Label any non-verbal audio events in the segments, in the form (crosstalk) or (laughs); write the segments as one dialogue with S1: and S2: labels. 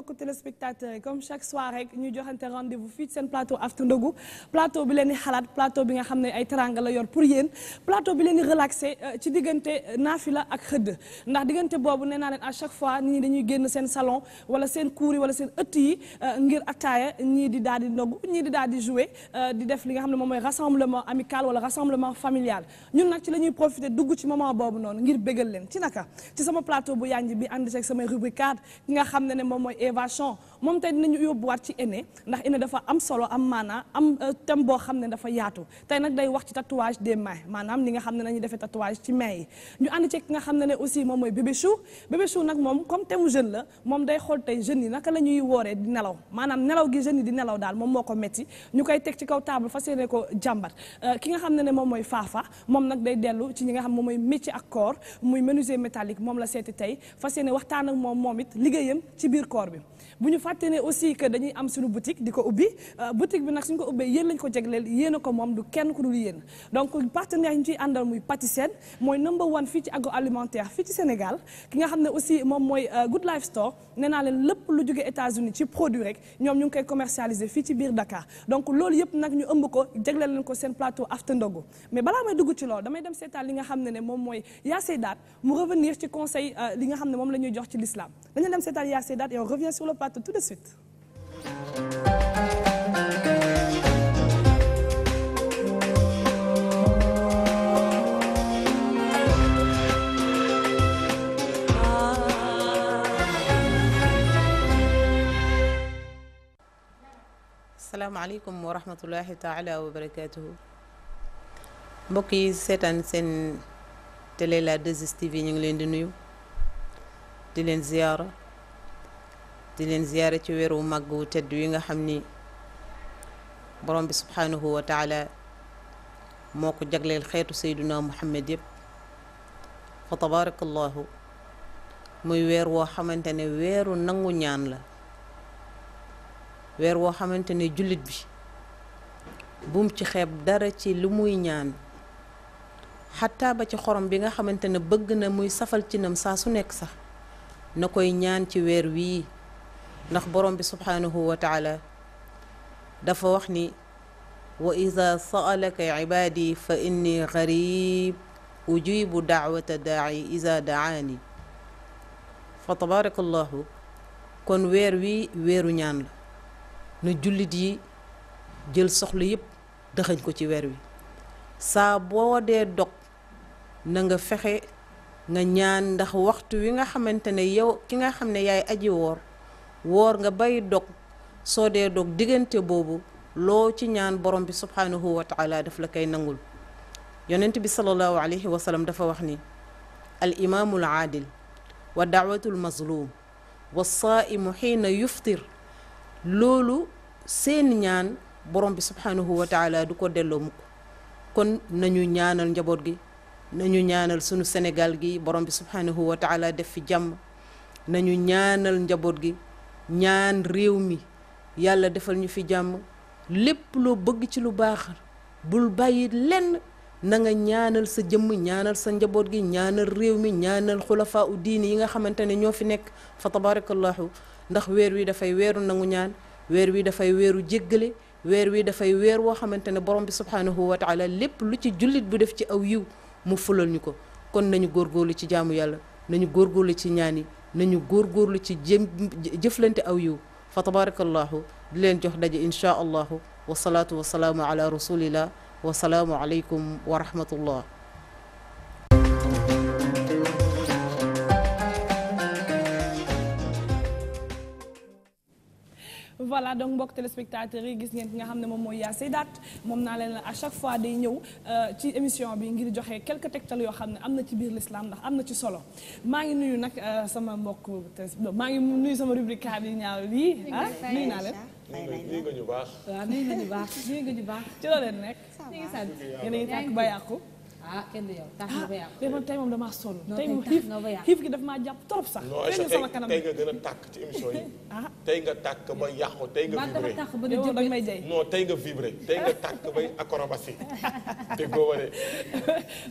S1: mbokku téléspectateurs yi comme chaque soir rek ñu joxante rendez fii seen plateau After Ndogou plateau bi leen xalaat plateau bi nga xam ne ay teranga la yor pour yéen plateau bi leen di relaxé euh, ci diggante naafila ak xëdd ndax diggante boobu nee naa leen à chaque fois ñi dañuy génn seen salon wala seen cour yi seen ëtt yi euh, ngir attaaya ñii di daal di ñii di daal di euh, di def li nga xam ne moom mooy rassemblement amical wala rassemblement familial ñun nag ci la innovation moom tey dinañu yóbbuwaat ci ENE ndax ENE dafa am solo am maanaa am euh, thème boo xam ne dafa yaatu tey nag day wax ci tatouage des mains maanaam ni nga xam ne nañu defee tatouage ci mains yi ñu ànd ci ki nga xam ne ne aussi moom mooy bébé chou bébé chou nag moom comme temu jeune la moom day xool tey jeunes yi naka la ñuy wooree di nelaw maanaam nelaw gi jeunes yi di nelaw daal moom moo ko métti ñu koy teg ci kaw table fa yéene ko jàmbat euh, ki nga xam ne ne moom mooy faafa moom nag day dellu ci ñi nga xam moom mooy métier ak corps muy menuisier métallique moom la tey fas yéene waxtaan ak moom moom it liggéeyam ci biir corps bi bu ñu fàtte ne aussi que dañuy am suñu boutique di ko ubbi euh, boutique bi nag suñu ko ubbee yéen lañ ko jegleel yéen ko moom du kenn ku dul yéen donc partenaire yi ñu ciy àndal muy Patisen mooy number one fii ci agroalimentaire fii ci Sénégal ki nga xam ne aussi moom mooy euh, Good Life Store nee naa leen lépp lu jóge États-Unis ci produit rek ñoom ñu ngi koy commercialiser fii ci biir Dakar donc loolu yëpp nag ñu ëmb ko jegleel leen ko seen plateau after ndogu mais balaa may dugg damay dem seetaan li nga xam ne ne moom mooy Yaa Seydaat mu euh, nga xam ne moom la ñuy jox ci l'islam dañu dem plateau tout de suite.
S2: asalaamaaleykum wa rahmatullahi taala wa barakaatuhu mbokk yi seetaan seen télé la 2STV ñu ngi leen di nuyu di leen ziyaara di leen ziyaare ci weeru màgg wu tedd wi nga xam ni borom bi subhaanahu wa moo ko jagleel xeetu sayduna muhammad yépp fa tabarakallahu muy weer woo xamante ne weeru nangu ñaan la weer woo xamante ne jullit bi bum ci xeeb dara ci lu muy ñaan xataa ba ci xorom bi nga xamante ne bëgg na muy safal ci nam saa su nekk sax na koy ñaan ci weer wii ndax borom bi subhaanahu wa dafa wax ni wa ida saalaka ibaadi fa inni garib ujibu daawata daaci ida daani fa tabarakallahu kon weer wi weeru ñaan la na jullit yi jël soxla yépp dëxañ ko ci weer wi saa boo dee dog na nga fexe nga ñaan ndax waxtu wi nga xamante ne yow ki nga xam ne yaay aji woor woor nga bay dog soo dee dog diggante boobu loo ci ñaan borom bi subhaanahu wa taala la koy nangul yonent bi salallahu alayhi wa sallam dafa wax ni al imaamu al aadil wa daawatul mazlum wa saaimu xiina yuftir loolu seen ñaan borom bi subhaanahu wa taala du ko delloo mukk kon nañu ñaanal njaboot gi nañu ñaanal sunu Sénégal gi borom bi subhaanahu wa def fi jàmm nañu ñaanal njaboot gi ñaan réew mi yàlla defal ñu fi jàmm lépp loo bëgg ci lu baax bul bàyyi lenn nanga ñaanal sa jëmm ñaanal sa njaboot gi ñaanal réew mi ñaanal xulafaa u diini yi nga xamante ne ñoo fi nekk fa tabarakallahu ndax weer wi dafay weeru nangu ñaan weer wi dafay weeru jéggale weer wi dafay weer woo xamante ne borom bi subhaanahu wa taala lépp lu ci jullit bu def ci aw yiw mu fulal ñu ko kon nañu góor góorgóorlu ci jàmm yàlla nañu góor góorgóorlu ci ñaan yi nañu lu ci jëm jëflante aw yiw fa tabarakallahu di leen jox daje inchaa allahu wasalaatu wasalaamu ala rasulillah wasalaamu aleykum wa rahmatullah
S1: voilà donc mbokk téléspectateurs yi gis ngeen ki nga xam ne moom mooy yaa Seydaat moom naa leen à chaque fois day ñëw euh, ci émission bi ngir joxe quelques tegtal yoo xam ne am na ci biir l'islam ndax am na ci solo maa ngi nuyu nag euh, sama mbokk maa ngi nuyu sama rubrique bi ñaaw lii ah nuyu naa leen
S3: nii nga ñu baax
S1: waaw nii nga ñu baax nii nga ñu baax ci loo leen nekk ñu ngi sant yéen a ngi tàkk ba yàqu ah kenn yow tax nga ah, ba yàqu ah man tey moom damaa sonn. tey moom xiif xiif gi daf maa jàpp trop sax. tey sama kanam tey
S3: nga gën a tàkk ci émission ah. tey nga tàkk ba yàqu tey nga. vibré may jey. non tey nga vibré tey nga tàkk bay acrobatie te (laughs) góoba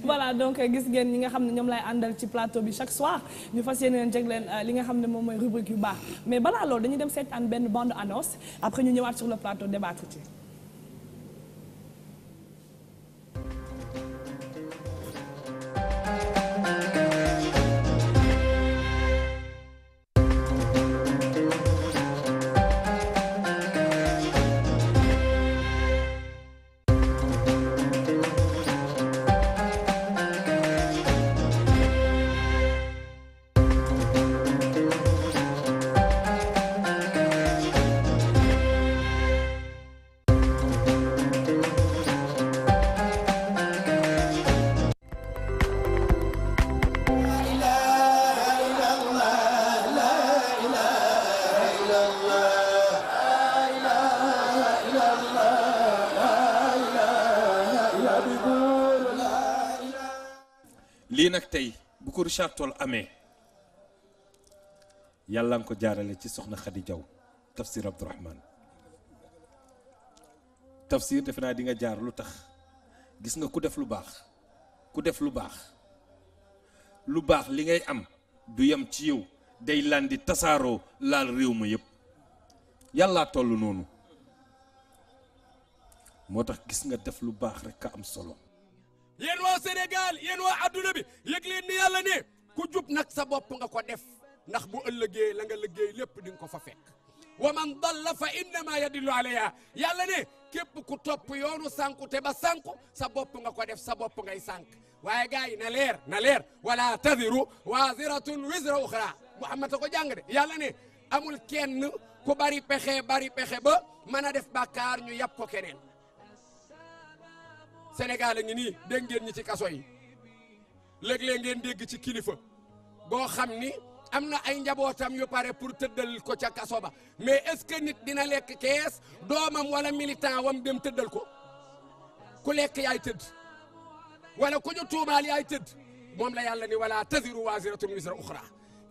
S1: voilà donc euh, gis ngeen ñi nga xam ne ñoom lay àndal ci plateau bi chaque soir ñu fas yéene leen euh, li nga xam ne moom mooy rubrique yu baax mais balaa loolu dañuy dem seetaan benn bande annonce après ñu ñëwaat sur le plateau débattre ci. thank you
S4: lii tey bu ko Richard Toll amee yàlla nga ko jaarale ci soxna Khady Diaw tafsir Abdourahmane tafsir defe naa di nga jaar lu tax gis nga ku def lu baax ku def lu baax lu baax li ngay am du yem ci yow day landi tasaaroo laal réew ma yépp yàllaa tollu noonu moo tax gis nga def lu baax rekk a am solo
S5: yen waa Sénégal yéen waa adduna bi yëg leen ni yàlla ne ku jub nag sa bopp nga ko def ndax bu ëllëgee la nga liggéey lépp di nga ko fa fekk wa man dalla fa innama yadillu alayha yàlla ne képp ku topp yoonu sànku te ba sànku sa bopp nga ko def sa bopp ngay sànk waaye gars yi na leer na leer wa tadiru waziratun wisra ukhra Muhammad a ko jàng de yàlla ne amul kenn ku bari pexe bari pexe ba mën a def bàkkaar ñu yàpp ko keneen Sénégal a ngi nii dégg ngeen ñi ci kaso yi léeg-léeg ngeen dégg ci kilifa boo xam ni am na ay njabootam yu pare pour tëddal ko ca kaso ba mais est-ce que nit dina lekk kees doomam wala militant wam dem tëddal ko ku lekk yaay tëdd wala ku ñu tuumaal yaay tëdd moom la yàlla ni wala taziru waziratun wizra uxra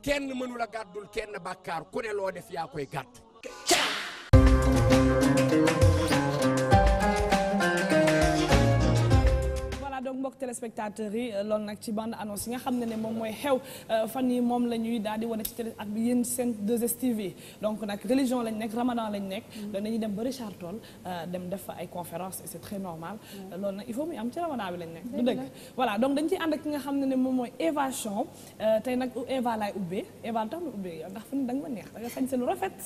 S5: kenn mënula gàddul kenn bàkkaar ku ne loo def yaa koy gàddu
S1: donc mbokk téléspectateurs yi euh, loolu nag ci bande annonce yi nga xam ne ne moom mooy xew euh, fan yi moom la ñuy daal di wane ci télé ak yéen seen 2STV donc nag religion lañ nekk ramadan lañ nekk donc mm-hmm. dañuy dem ba Richard tool euh, dem def fa ay conférence et c'est très normal mm-hmm. loolu nag il faut muy am ci ramadan bi lañ nekk du dëgg voilà donc dañ ciy ànd ak ki nga xam ne ne moom mooy Eva tey nag Eva laay ubbee Eva lu yow ndax fa ni da nga neex da nga sañ rafet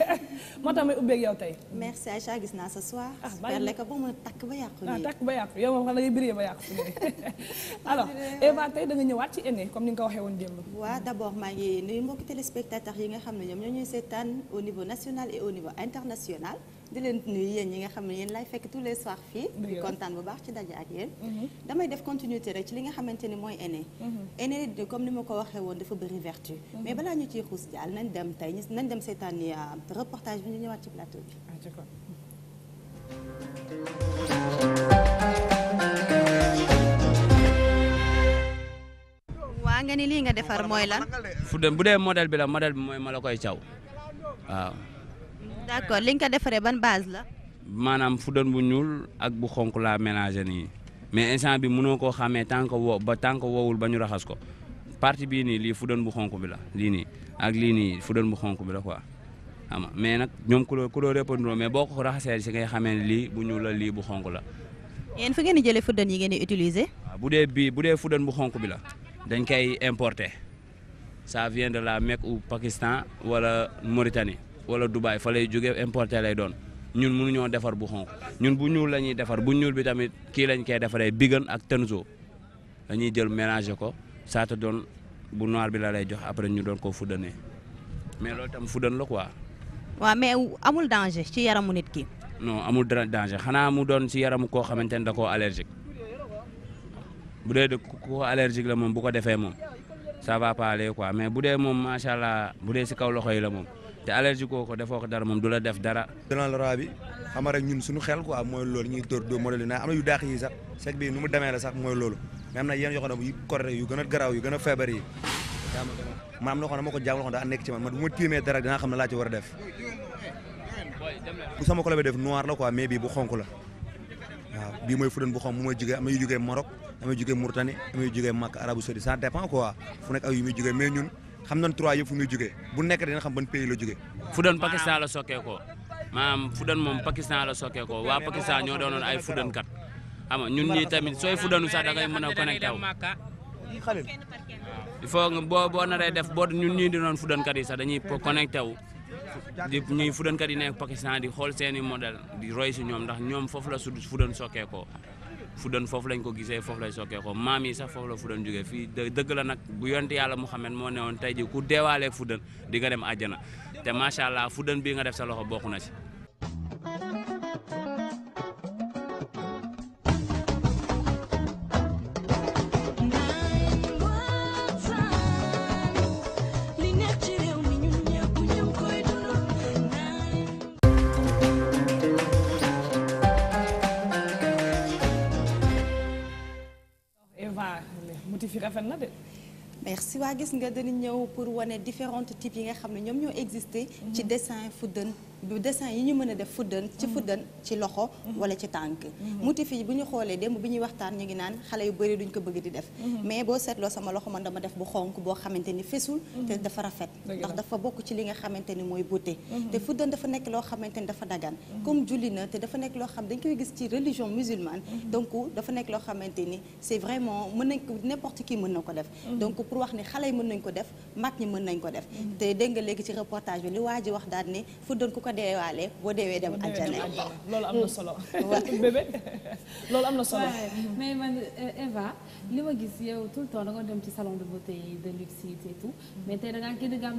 S1: (laughs) moo tax may yow tey merci Aïcha gis naa ce soir ah, ah takk ba yàqu yow moom xam na ngay briller ba yàqu (laughs)
S6: alors Eva tey da nga ñëwaat ci ENE comme ni nga ko waxee woon démb. waaw d' abord maa ngi nuyu mbokki téléspectateurs yi nga xam ne ñoom ñoo ñuy seetaan au niveau national et au niveau international. di leen nuyu yéen ñi nga xam ne yéen lay fekk tous les soirs fii. di kontaan bu baax ci daje ak yéen. Mhm. damay def continuité rek ci li nga xamante ni mooy ENE. Mhm. ENE comme ni ma ko waxee woon dafa bëri vertu. Mhm. mais balaa ñu ciy xuus jàll nañ dem tey nañ dem seetaan ni ah, reportage bi ñu ñëwaat ci plateau bi. Ah, xanaa nga ni lii nga defar mooy la
S7: fu bu dee modèle bi la modèle bi mooy ma koy caw waaw.
S6: d' accord li nga ko defaree ban base la.
S7: maanaam fu doon bu ñuul ak bu xonk laa mélangé nii mais instant bi munoo koo xàmmee tant que ba tant que wowul ba ñu raxas ko partie bii nii lii fu doon bu xonk bi la lii nii ak lii nii fu doon bu xonk bi la quoi xam mais nag ñoom couleur couleur répondre mais boo ko raxasee si ngay xamee ne bu ñuul la lii bu xonk la.
S6: yéen fu ngeen di jëlee fuddeen yi ngeen di
S7: utiliser. bu dee bii bu dee fuddeen bu xonk bi la dañ koy importer sa vient de la Mecque ou Pakistan wala Mauritanie wala Dubaï fa lay jóge importer lay doon ñun mënuñoo defar bu xonq ñun bu ñuul la ñuy defar bu ñuul bi tamit kii lañ koy defaree bigan ak tenzo la ñuy jël mélanger ko saa te doon bu noir bi la lay jox après ñu doon ko fuddanee mais loolu tam fuddan la quoi.
S6: waa mais amul danger ci mu nit ki.
S7: non amul danger xanaa mu doon si yaramu koo xamante ne da koo allergique. bu dee ku ko allergique la moom bu ko defee moom ça va pas aller quoi bu dee moom macha allah bu dee si kaw loxo yi la moom te allergie koo ko defoo ko dara moom du la def dara. jëlaat la bi xam rek ñun suñu xel quoi mooy loolu ñu dóor dóor modèle yi na am na yu daax yi sax sec bi nu mu demee la sax mooy loolu mais am na yenn yoo xam ne yu correct yu gën a garaaw gën a feebar yi. ma am loo xam ne ma ko jàngal loo daa nekk ci man man bu ma tiimee dara dinaa xam ne laa war a def bu sama kolo bi def noir la quoi mais bii bu xonk la waaw bii mooy fudan bu xonk bu may jugee am na damay jugee Mauritanie damay jugee Màkk Arabie Saoudite ça dépend quoi fu nekk ak yu muy jugee mais ñun xam nañ trois yëpp fu muy bu nekk dina xam ban pays la jugee. Foden Pakistan la sokkee ko maanaam Foden moom Pakistan la sokkee ko waa Pakistan ñoo doonoon ay Foden kat xam nga ñun ñii tamit sooy Fodenu sax da ngay mën a connecté wu. il faut nga boo boo naree def boo ñun ñii di doon fudankat yi sax dañuy connecté wu di ñuy fudankat yi nekk Pakistan di xool seeni modèle di roy si ñoom ndax ñoom foofu la su fudan sokkee ko Foden foofu lañ ko gisee foofu lañ sokkee ko maam yi sax foofu la Foden jógee fi dëgg la nag bu yonent yàlla Muhammad moo ne woon tey ji ku deewaalee Foden di nga dem àjjana te macha allah Foden bii nga def sa loxo bokk na ci
S1: fi rafet na de. merci
S6: waa gis nga dañu ñëw pour wane différents types yi nga xam ne ñoom ñoo existé. ci mhm. dessin fuddan du dessin yi ñu mën a def fuddan ci mm-hmm. fuddan ci loxo mm-hmm. wala ci tànk mm-hmm. motif yi bu ñu xoolee démb bi ñuy waxtaan ñu ngi naan xale yu bëri duñ ko bëgg di def mais boo seetloo sama loxo man dama def bu xonk boo xamante ni fesul te dafa rafet ndax dafa bokk ci li nga xamante ni mooy beauté te fuddan dafa nekk loo xamante ni dafa dagan comme julli na te dafa nekk loo xam dañ koy gis ci religion musulmane donc dafa nekk loo xamante ni c'est vraiment mën nañ ko n'importe qui mën na ko def donc pour wax ni xale yi mën nañ ko def mag ñi mën nañ ko def te dégg nga léegi ci reportage bi li waa ji wax daal ni fuddan ku ko ko deewaalee boo deewee
S8: dem àjjana
S1: loolu am na solo (laughs)
S8: loolu am na solo mais man eh, Eva li ma gis yow tout le temps da nga dem ci salon de beauté bi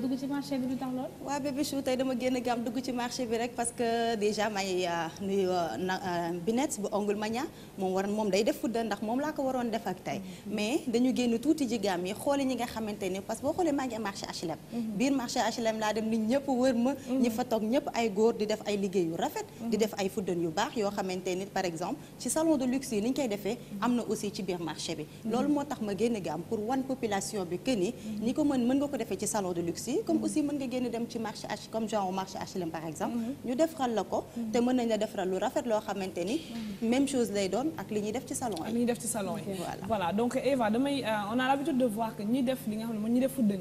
S8: du tax lool waaw bébé chou tey dama génn gaam dugg ci marché bi rek parce que
S6: déjà may euh, nuyu euh, na euh, Binette bu ma Magna moom waroon moom day def fudda ndax moom laa ko waroon def ak tey mm-hmm. mais dañu génn tuuti ji gaam yi xoole ñi nga xamante ni parce que boo xoolee maa ngi marché HLM mm-hmm. biir marché HLM laa dem nit ñëpp wër ma ñi mm-hmm. fa toog ñëpp ay góor di def ay liggéey yu rafet di mm-hmm. def ay fuddan yu baax yoo xamante ni par exemple ci salon de luxe yi ni ñu koy defee mm-hmm. am na aussi ci biir marché bi mm-hmm. loolu moo tax ma génn gaam pour wan population bi que ni ni ko mën mën nga ko defee ci salon de luxe yi comme aussi mën nga génn dem ci marché H comme genre marché HLM par exemple ñu defaral la ko te mën nañ la defaral lu rafet loo xamante ni même chose lay doon ak li ñuy def ci salon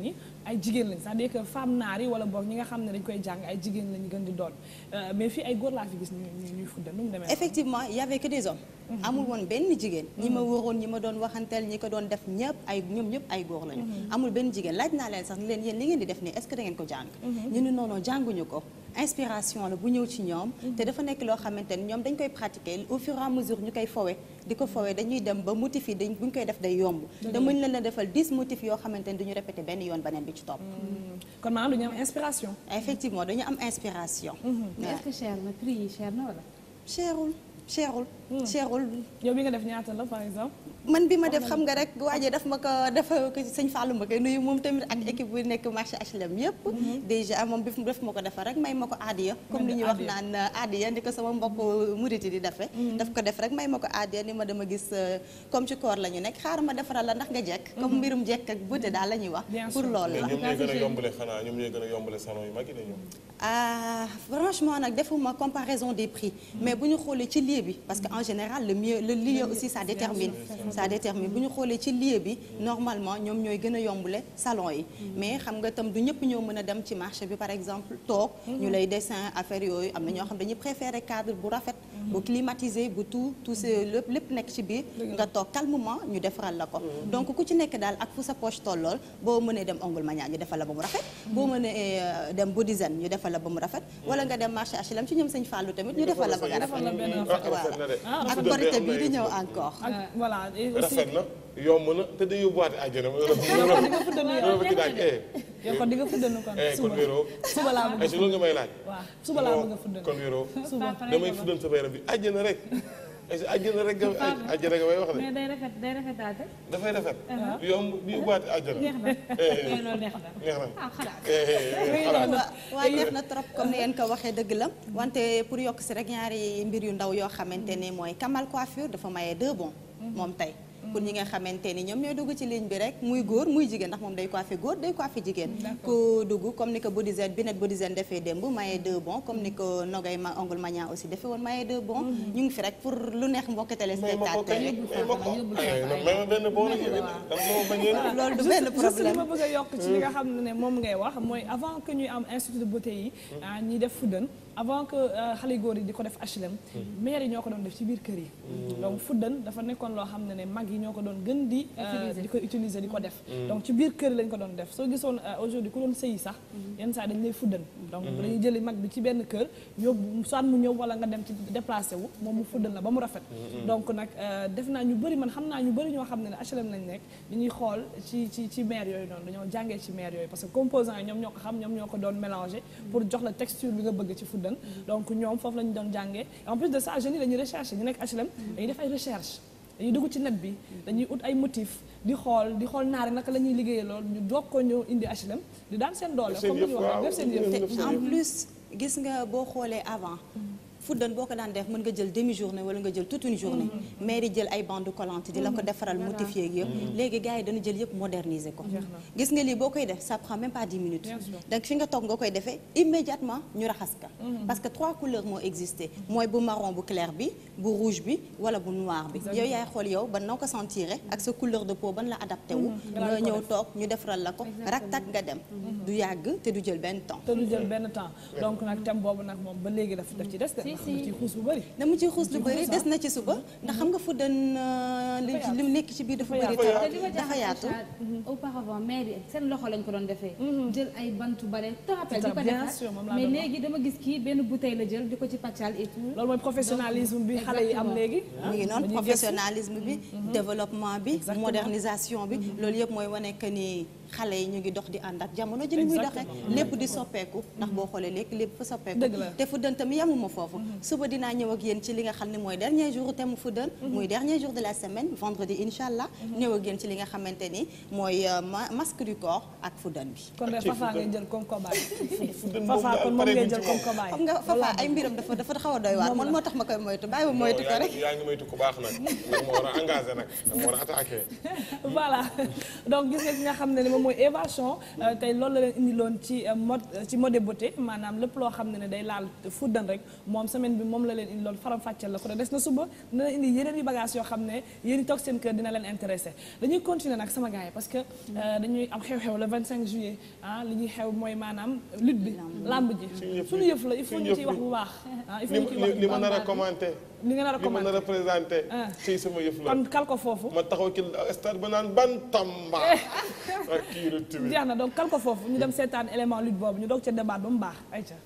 S6: yi ay
S1: jigéen lañ sax à dire que naar yi wala boog ñi nga xam ne dañ koy jàng ay jigéen lañ gën di doon Euh, mais fii ay góor
S6: laa fi gis ñu ñuy fuddal nu effectivement y des hommes mhm. amul woon benn jigéen ñi ma mhm. waroon ñi ma doon waxanteel ñi ko doon def ñëpp ay ñoom ñëpp ay góor lañu mhm. amul benn jigéen laaj naa leen sax ni leen yéen li ngeen di def nii est-ce ko jàng ñu ne noonu jànguñu ko inspiration la bu ñëw ci ñoom te dafa nekk loo xamante ni ñoom dañ koy pratiquer au fur et à mesure ñu koy fowe di ko fowe dañuy dem ba motif yi dañ buñ koy def day yomb te mën la defal dix motifs yoo xamante ni duñu répété benn yoon beneen bi ci topp kon maanaam dañu am inspiration effectivement am inspiration
S8: mais est-ce que cher na prix yi cher na wala. cherul cherul. Hmm. cherul. yow bi nga def ñaata la par exemple.
S6: man bi ma def xam nga rek waajee daf ma ko dafa ko sëñ Fallou ma moom tamit ak mm-hmm. équipe bu nekk marché HLM yëpp mm-hmm. déjà moom bi daf ma ko defar rek may ma ko comme li ñuy wax naan aadiya euh, ni ko mm-hmm. ko def rek may ma ko aadiya ma dama gis euh, comme ci la ñu nekk xaaral ma defaral la ndax nga jekk comme mbirum jekk ak beauté daal la ñuy wax pour loolu la ñoom ñooy gën a yombale
S3: a yombale salon yu mag yi dañu
S6: ah franchement nag defuma comparaison des prix mais bu ñu xoolee ci lieu bi parce que en général le mieux aussi ça détermine ça détermine bu ñu xoolee ci lieu bi normalement ñoom ñooy gën a yombule salon yi mais xam nga tam du ñëpp ñoo mën a dem ci marché bi par exemple toog ñu lay dessin affaire yooyu am na ñoo xam dañuy préférer cadre bu rafet bu climatisé bu tout tout ce lépp lépp nekk ci biir nga toog calmement ñu defaral la ko donc ku ci nekk daal ak fu sa poche tollool boo mënee dem ongle mania ñu defal la ba mu rafet boo mënee euh, dem Bodizane ñu defal la ba mu rafet wala nga dem marché HLM ci ñoom sëñ Fallou tamit ñu defal la rafet na
S3: yomb na te day yóbbuwaate àjjana ma yow kon di nga
S6: fuddanu eh, eh,
S1: eh, kon kon wéeroo suba laa bëgg loolu nga may laaj waaw suba laa bëgg a
S3: fuddanu kon wéeroo
S8: (laughs)
S3: suba bi àjjana rek (laughs) àjjana rek nga àjjana nga may wax de. mais
S8: day rafet day rafetaate.
S3: dafay rafet. Uh-huh. yomb bi ubbaate na neex
S8: na neex
S6: neex na trop comme ni ngeen ko waxee dëgg la. wante pour yokk si rek ñaari mbir yu ndaw yoo xamante ne mooy Kamal coiffure dafa maye deux bons. Mhm. moom tey mhm. pour ñi nga xamante ni ñoom ñooy dugg ci ligne bi rek muy góor muy jigéen ndax moom day coiffé góor day coiffé jigéen ku dugg comme ni ko Bodizene bi net Bodizene defee démb maye deux bons comme ni ko Nogay ma ongle maña aussi defee woon maye deux bons mhm. ñu ngi fi rek pour lu neex mbokk téléspectateur eh, rek
S3: (laughs) loolu du benn problème ma bëgg a yokk ci nga mm.
S6: xam ne
S1: moom ngay wax mooy avant que ñuy am institut de beauté yi mm. ah, ñi def fuddën avant que euh, xale góor yi di ko def HLM. Hmm. maire yi ñoo ko doon def ci biir kër yi. Hmm. donc fuddan dafa nekkoon loo xam ne ne mag yi ñoo ko doon gën di. Euh, di ko utiliser di ko def. Hmm. donc ci biir kër lañ ko doon def soo gisoon euh, aujourd'hui ku doon sëyi sax. yenn saa dañ lay fuddan. donc dañuy jëli mag bi ci benn kër yóbbu soit mu ñëw wala nga dem ci déplacé wu moom mu fuddan la ba mu rafet. donc nag def naa ñu bëri man xam naa ñu bëri ñoo xam ne ne HLM lañ nekk xool ci ci ci maire ñoo ko ko doon mélanger pour jox la texture bi jeunes donc ñoom foofu la doon jàngee en plus de ça jeunes dañuy recherche ñu nekk HLM dañuy def ay recherche dañuy dugg ci net bi dañuy ut ay motifs di xool di xool naari naka la liggéeyee loolu ñu doog ko ñëw indi HLM
S6: di daan seen doole comme ñu wax def seen yëf en plus gis nga boo xoolee avant fuddeen boo ko daan def mën nga jël demi journée wala nga jël toute une journée mm-hmm. maire yi jël ay bandes collantes di la ko mm-hmm. defaral modifié yëpp mm-hmm. léegi gars yi dañu jël yëpp moderniser ko gis nga lii boo koy def ça prend même pas 10 minutes donc fi nga toog nga koy defee immédiatement ñu raxas ka parce que trois couleurs moo existé mooy bu marron bu clair bi bu rouge bi wala bu noir bi yow yaay xool yow ban noo ko sentiré ak sa couleur de peau ban la adapté wu nga ñëw toog ñu defaral la ko raktak nga dem du yàgg te du jël benn temps te du jël benn temps donc nag boobu nag moom ba léegi daf daf ci
S1: des merci dama ciy
S6: xuus lu bëri. xuus lu bëri des na ci suba. ndax xam nga Foudan euh, li li mu nekk ci biir dafa bëri. dafa yaatu
S8: mhm. auparavant mairie seen loxo lañ ko doon defee. Mhm. jël ay bantu bare te rappel di ko mais léegi dama gis kii benn bouteille la jël di ko ci pàccal et tout. loolu mooy professionnalisme bi xale yi am léegi. mu ngi noonu professionnalisme bi mhm.
S6: développement bi. modernisation bi loolu yëpp mooy wane que ni. xale yi ñu ngi dox di ànd ak jamono ji ni muy doxee lépp di soppeeku ndax boo xoolee léegi lépp fa soppeeku te Fuddan tamit yemuma foofu mm-hmm. suba dinaa ñëw ak ci li nga xam ne mooy dernier jour thème Fuddan mm-hmm. muy dernier jour la semaine vendredi incha allah mm-hmm. ñëw ak yéen li nga xamante ni mooy euh, masque du corps ak Fuddan bi kon de Fafa ngay jël comme cobaye (laughs) Fafa kon moom ngay jël comme cobaye xam nga Fafa ay mbiram dafa dafa xaw a doy waar man moo tax ma koy moytu bàyyi ma moytu ko rek
S3: yaa ngi moytu ku baax nag dama war a engagé nag dama war a attaqué
S1: (laughs) voilà donc gis nga nga xam ne moom mooy évasion euh, tey loolu la leen indiloon ci euh, mode euh, ci mode beauté maanaam lépp loo xam ne ne day laal fuddan rek moom semaine bi moom la leen indi indiloon faram fàcceel la ko des na suba dina indi yeneen yi bagage yoo xam ne yéen i toog seen kër dina leen intéressé dañuy continuer nag sama gars parce que dañuy am xew-xew le 25 juillet ah li ñuy xew mooy maanaam lutte bi làmb ji suñu yëf la il faut ñu ciy wax bu baax ah, li ma nar a
S3: commenté li nga nar a commenté li ma nar ah. foofu ma taxaw ci stade ba naan ban tamba (laughs) jeex
S1: na donc kal ko foofu ñu dem seetaan élément lutte boobu ñu doog ca débat ba mu baax ayca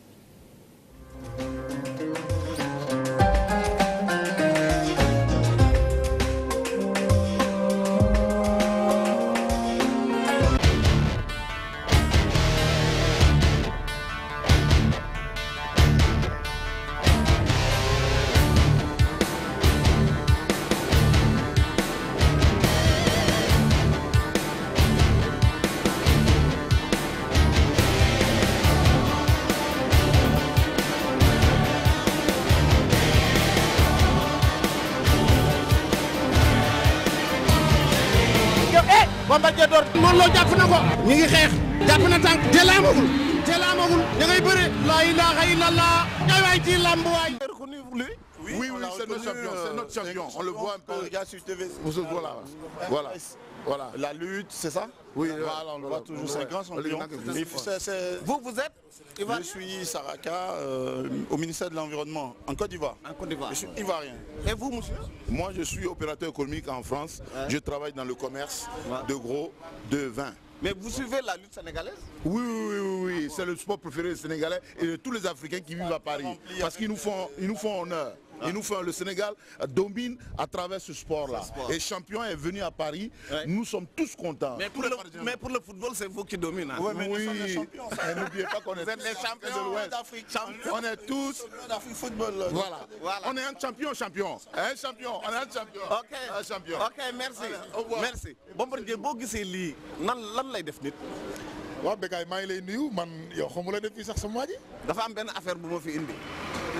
S5: door Modou Lo jàpp na ko ñu ngi xeex jàpp na tànk te laamagul te laamagul da ngay bëre la ilaha illallah ay waay ci lamb waay
S9: reconnu c'est notre champion c'est notre champion on le voit un peu voilà voilà Voilà. La lutte, c'est ça Vous, vous êtes Ivoirien Je suis Saraka, euh, au ministère de l'Environnement, en Côte d'Ivoire. Et vous, monsieur je suis opérateur économique en France. Je travaille dans le commerce de gros, de vin. Mais vous suivez la lutte sénégalaise Oui, c'est le sport préféré des Sénégalais et tous les Africains qui vivent à Paris. Parce qu'ils nous font honneur. Ah. Et nous, le Sénégal domine à travers ce sport-là. Sport. Et champion est venu à Paris. Ouais. Nous sommes tous contents. Mais pour, le,
S10: mais pour le, football, c'est vous qui dominez. Hein. Ouais, mais oui, nous sommes les champions. N'oubliez pas
S9: qu'on est, est les champions d'Afrique. On est tous. Football, voilà. voilà. On est un champion, champion. Un champion. On est un champion. Ok. Un champion. Ok, merci. Allez, merci. Bombardier, boo gisee lii nan lan lay def nit. waaw Bécaye maa ngi lay nuyu man yow xamula ne fii sax sama waa ji. dafa am benn affaire bu ma fi indi.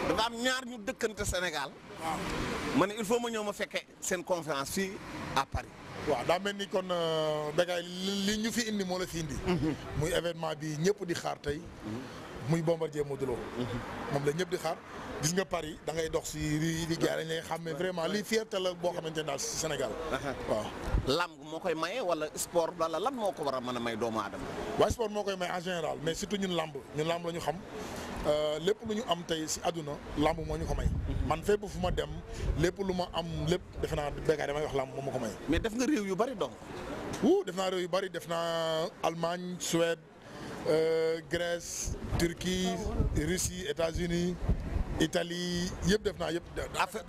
S9: dafa am ñaar ñu dëkkante Sénégal. ma ne il faut ma ñëw ma fekkee seen conférence fii à Paris. waaw daa mel ni kon euh, Bécaye li ñu fi indi moo la fi indi. Mhm. muy événement bi ñëpp di xaar tey. Mhm. muy Bombardier Modou Lo mhm. moom la ñëpp di xaar gis nga Paris da ngay dox si li li gars yi dañ xam la boo ko war a mën a may doomu aadama waaye sport moo koy may en général la euh, moo ñu ko may mhm. man ma lu ma am lépp defe naa béykat damay wax lamb ma ko may mais yu bari donc wuu def naa réew yu Euh, Grèce Turquie Russie États-Unis Italie yëpp def naa yëpp.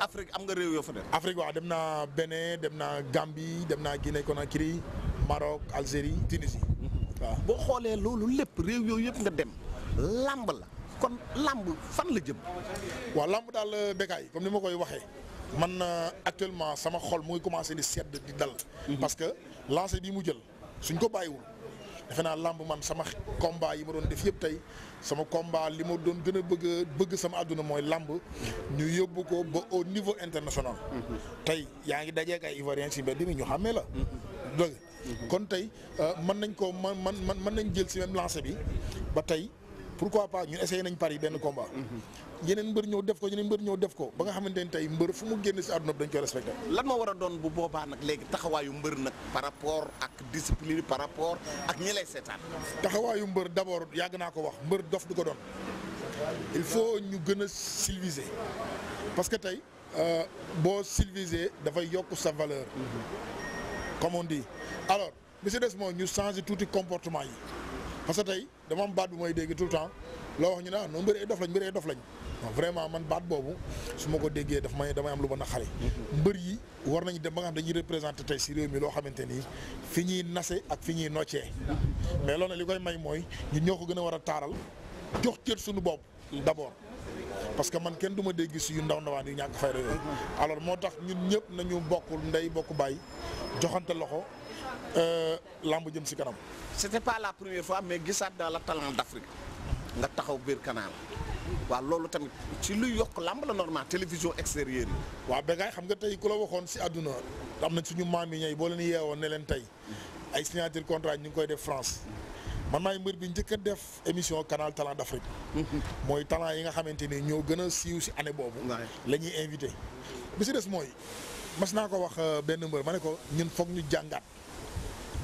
S9: Afrique am nga réew yoo fa def. Afrique waaw dem naa Bénin dem naa Gambie dem naa Guinée Conakry Maroc Algérie Tunisie waaw. Mm-hmm. boo xoolee loolu lépp réew yooyu yëpp nga dem làmb la kon làmb fan la jëm. waaw làmb daal euh, Bécaye comme ni ma koy waxee man euh, actuellement sama xol mu ngi commencé di sedd di dal. Mm-hmm. parce que lancé bi mu jël suñ ko bàyyiwul. defe naa làmb man sama combat yi ma doon def yëpp tey sama combat li ma doon gën a bëgg bëgg sama àdduna mooy làmb ñu yóbbu ko ba au niveau international. tey yaa ngi dajeek ay Ivoiriens si mbedd muy ñu xàmmee la. dëgg kon tey euh, mën nañ ko man man mën nañ jël si même lancé bi ba tey. pourquoi pas ñun essayé nañ Paris benn combat. yeneen mbër ñëw def ko yeneen mbër ñëw def ko ba nga xamante ni tey mbër fu mu génn si àdduna bi dañ koy respecté. lan moo war a doon bu boobaa nag léegi taxawaayu nag par rapport ak discipline par rapport ak ñi lay seetaan. taxawaayu mbër d' abord yàgg naa ko wax mbër dof du ko doon faut ñu gën a civiliser parce que tey euh, boo civiliser dafay yokk sa valeur. comme on dit alors monsieur ñu changer tuuti comportement yi parce que dama am baat bu may dégg tout le temps loo wax ñu ne ah non mbër ay dof lañ mbër ay dof lañ vraiment man baat boobu su ma ko déggee daf may damay am lu ma naqari mbër yi war nañ dem ba nga xam dañuy représenté tey si réew mi loo xamante ni fi ñuy nase ak fi ñuy noccee mais loolu li koy may mooy ñun ñoo ko gën a war a taaral jox cër suñu bopp d'abord parce que man kenn du ma dégg si yu ndaw ndawaan yu ñàkk fayda yooyu alors moo tax ñun ñëpp nañu bokk ndey bokk bàyyi joxante loxo Euh, lamb jëm si kanam. c'était pas la première fois mais gisaat dans la talent d'Afrique nga taxaw biir canal waaw loolu tamit ci luy yokk lamb la normal télévision extérieure yi. waaw ba xam nga tey ku la waxoon si àdduna am na suñu maam yi ñooy boo leen yeewoon ne leen tey ay signature contrat ñu ngi koy def France. man maay mbër bi njëkk a def émission canal talent d'Afrique mhm. mooy talent yi nga xamante ni ñoo gën a siiw si année boobu la ñuy invité bi si des mooy mas naa ko wax euh, benn mbër ma ne ko ñun foog ñu jàngaat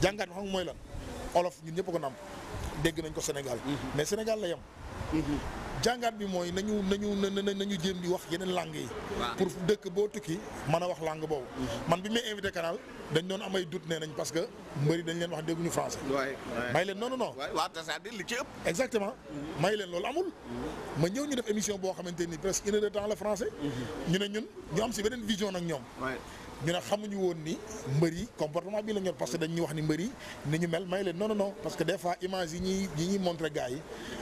S9: jàngat bi xam mooy lan olof ñun ñëpp ko namp dégg nañ ko Sénégal mhm. mais Sénégal la yem mhm. jàngat bi mooy nañu nañu nañu jéem di wax yeneen langue yi pour dëkk boo tukki mën a wax langue boobu mhm. man bi may invité canal dañ doon amay doute nee nañ parce que mbëri dañ leen wax dégguñu français may leen non non non waaw c'est-à-dire li ci ëpp exactement may leen loolu amul ma ñëw ñu def émission boo xamante ni presque une heure de temps la français ñu ne ñun ñu am si beneen vision nag ñoom ñu ne xamuñu woon ni mbër yi comportement bi la parce que dañ wax ni mbër yi ni ñu mel may leen non non non parce que des fois image yi ñuy yi ñuy montré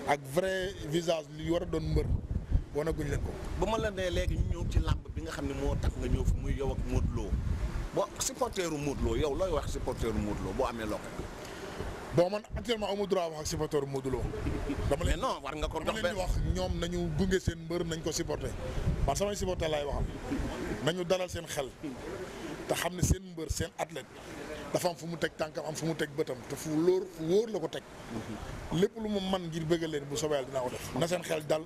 S9: ak vrai visage li war a doon mbër wanaguñ leen ko. ba ma la
S10: nee léegi ñu ñëw ci làmb bi nga xam ne moo tax nga ñëw fi muy yow ak Modou Lo
S9: boo supporteru
S10: Modou Lo yow looy wax supporteru Modou Lo boo amee lokk
S9: bon man actuellement amu droit wax ak supporter Modou Lo. dama leen non war nga ko jox benn wax ñoom nañu gunge seen mbër nañ ko supporter parce que samay supporter laay waxal nañu dalal seen xel te xam ne seen mbër seen athlète dafa am fu mu teg tànkam am fu mu teg bëtam te fu lóor fu wóor la ko teg lépp lu mu man ngir bëggal leen bu soobee yàlla dinaa ko def. na seen xel dal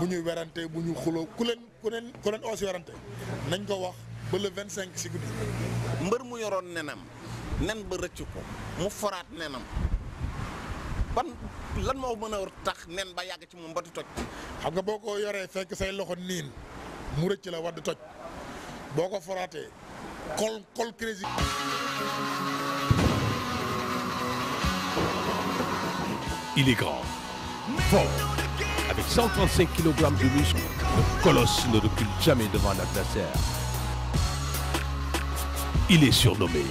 S9: bu ñu werante bu ñu xuloo ku leen ku leen ku leen oo nañ ko wax ba le vingt cinq si guddi. mbër mu yoroon nenam. nen ba rëcc ko mu foraat nenam ban lan moo mën a tax nen ba yàgg ci moom ba di toj. xam nga boo ko yoree fekk say loxo niin mu rëcc la war di toj boo ko foraatee kol kol crédit.
S11: Il est grand, fort, avec 135 kg de muscle, colosse ne recule jamais devant l'adversaire. Il est surnommé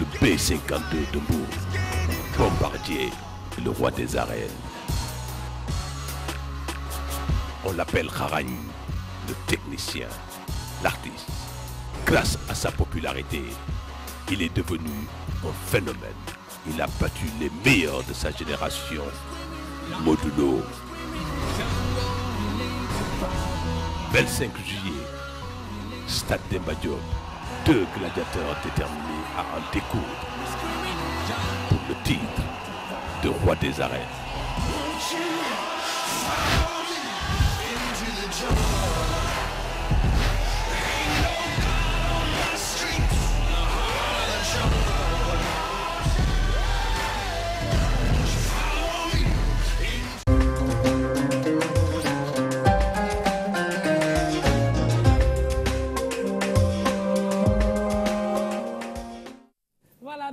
S11: le B-52 de Mbour Bombardier le roi des arènes on l'appelle Kharagne le technicien l'artiste grâce à sa popularité il est devenu un phénomène il a battu les meilleurs de sa génération Modou juillet stade Demba deux gladiateurs à en découdre pour le titre de roi des arènes.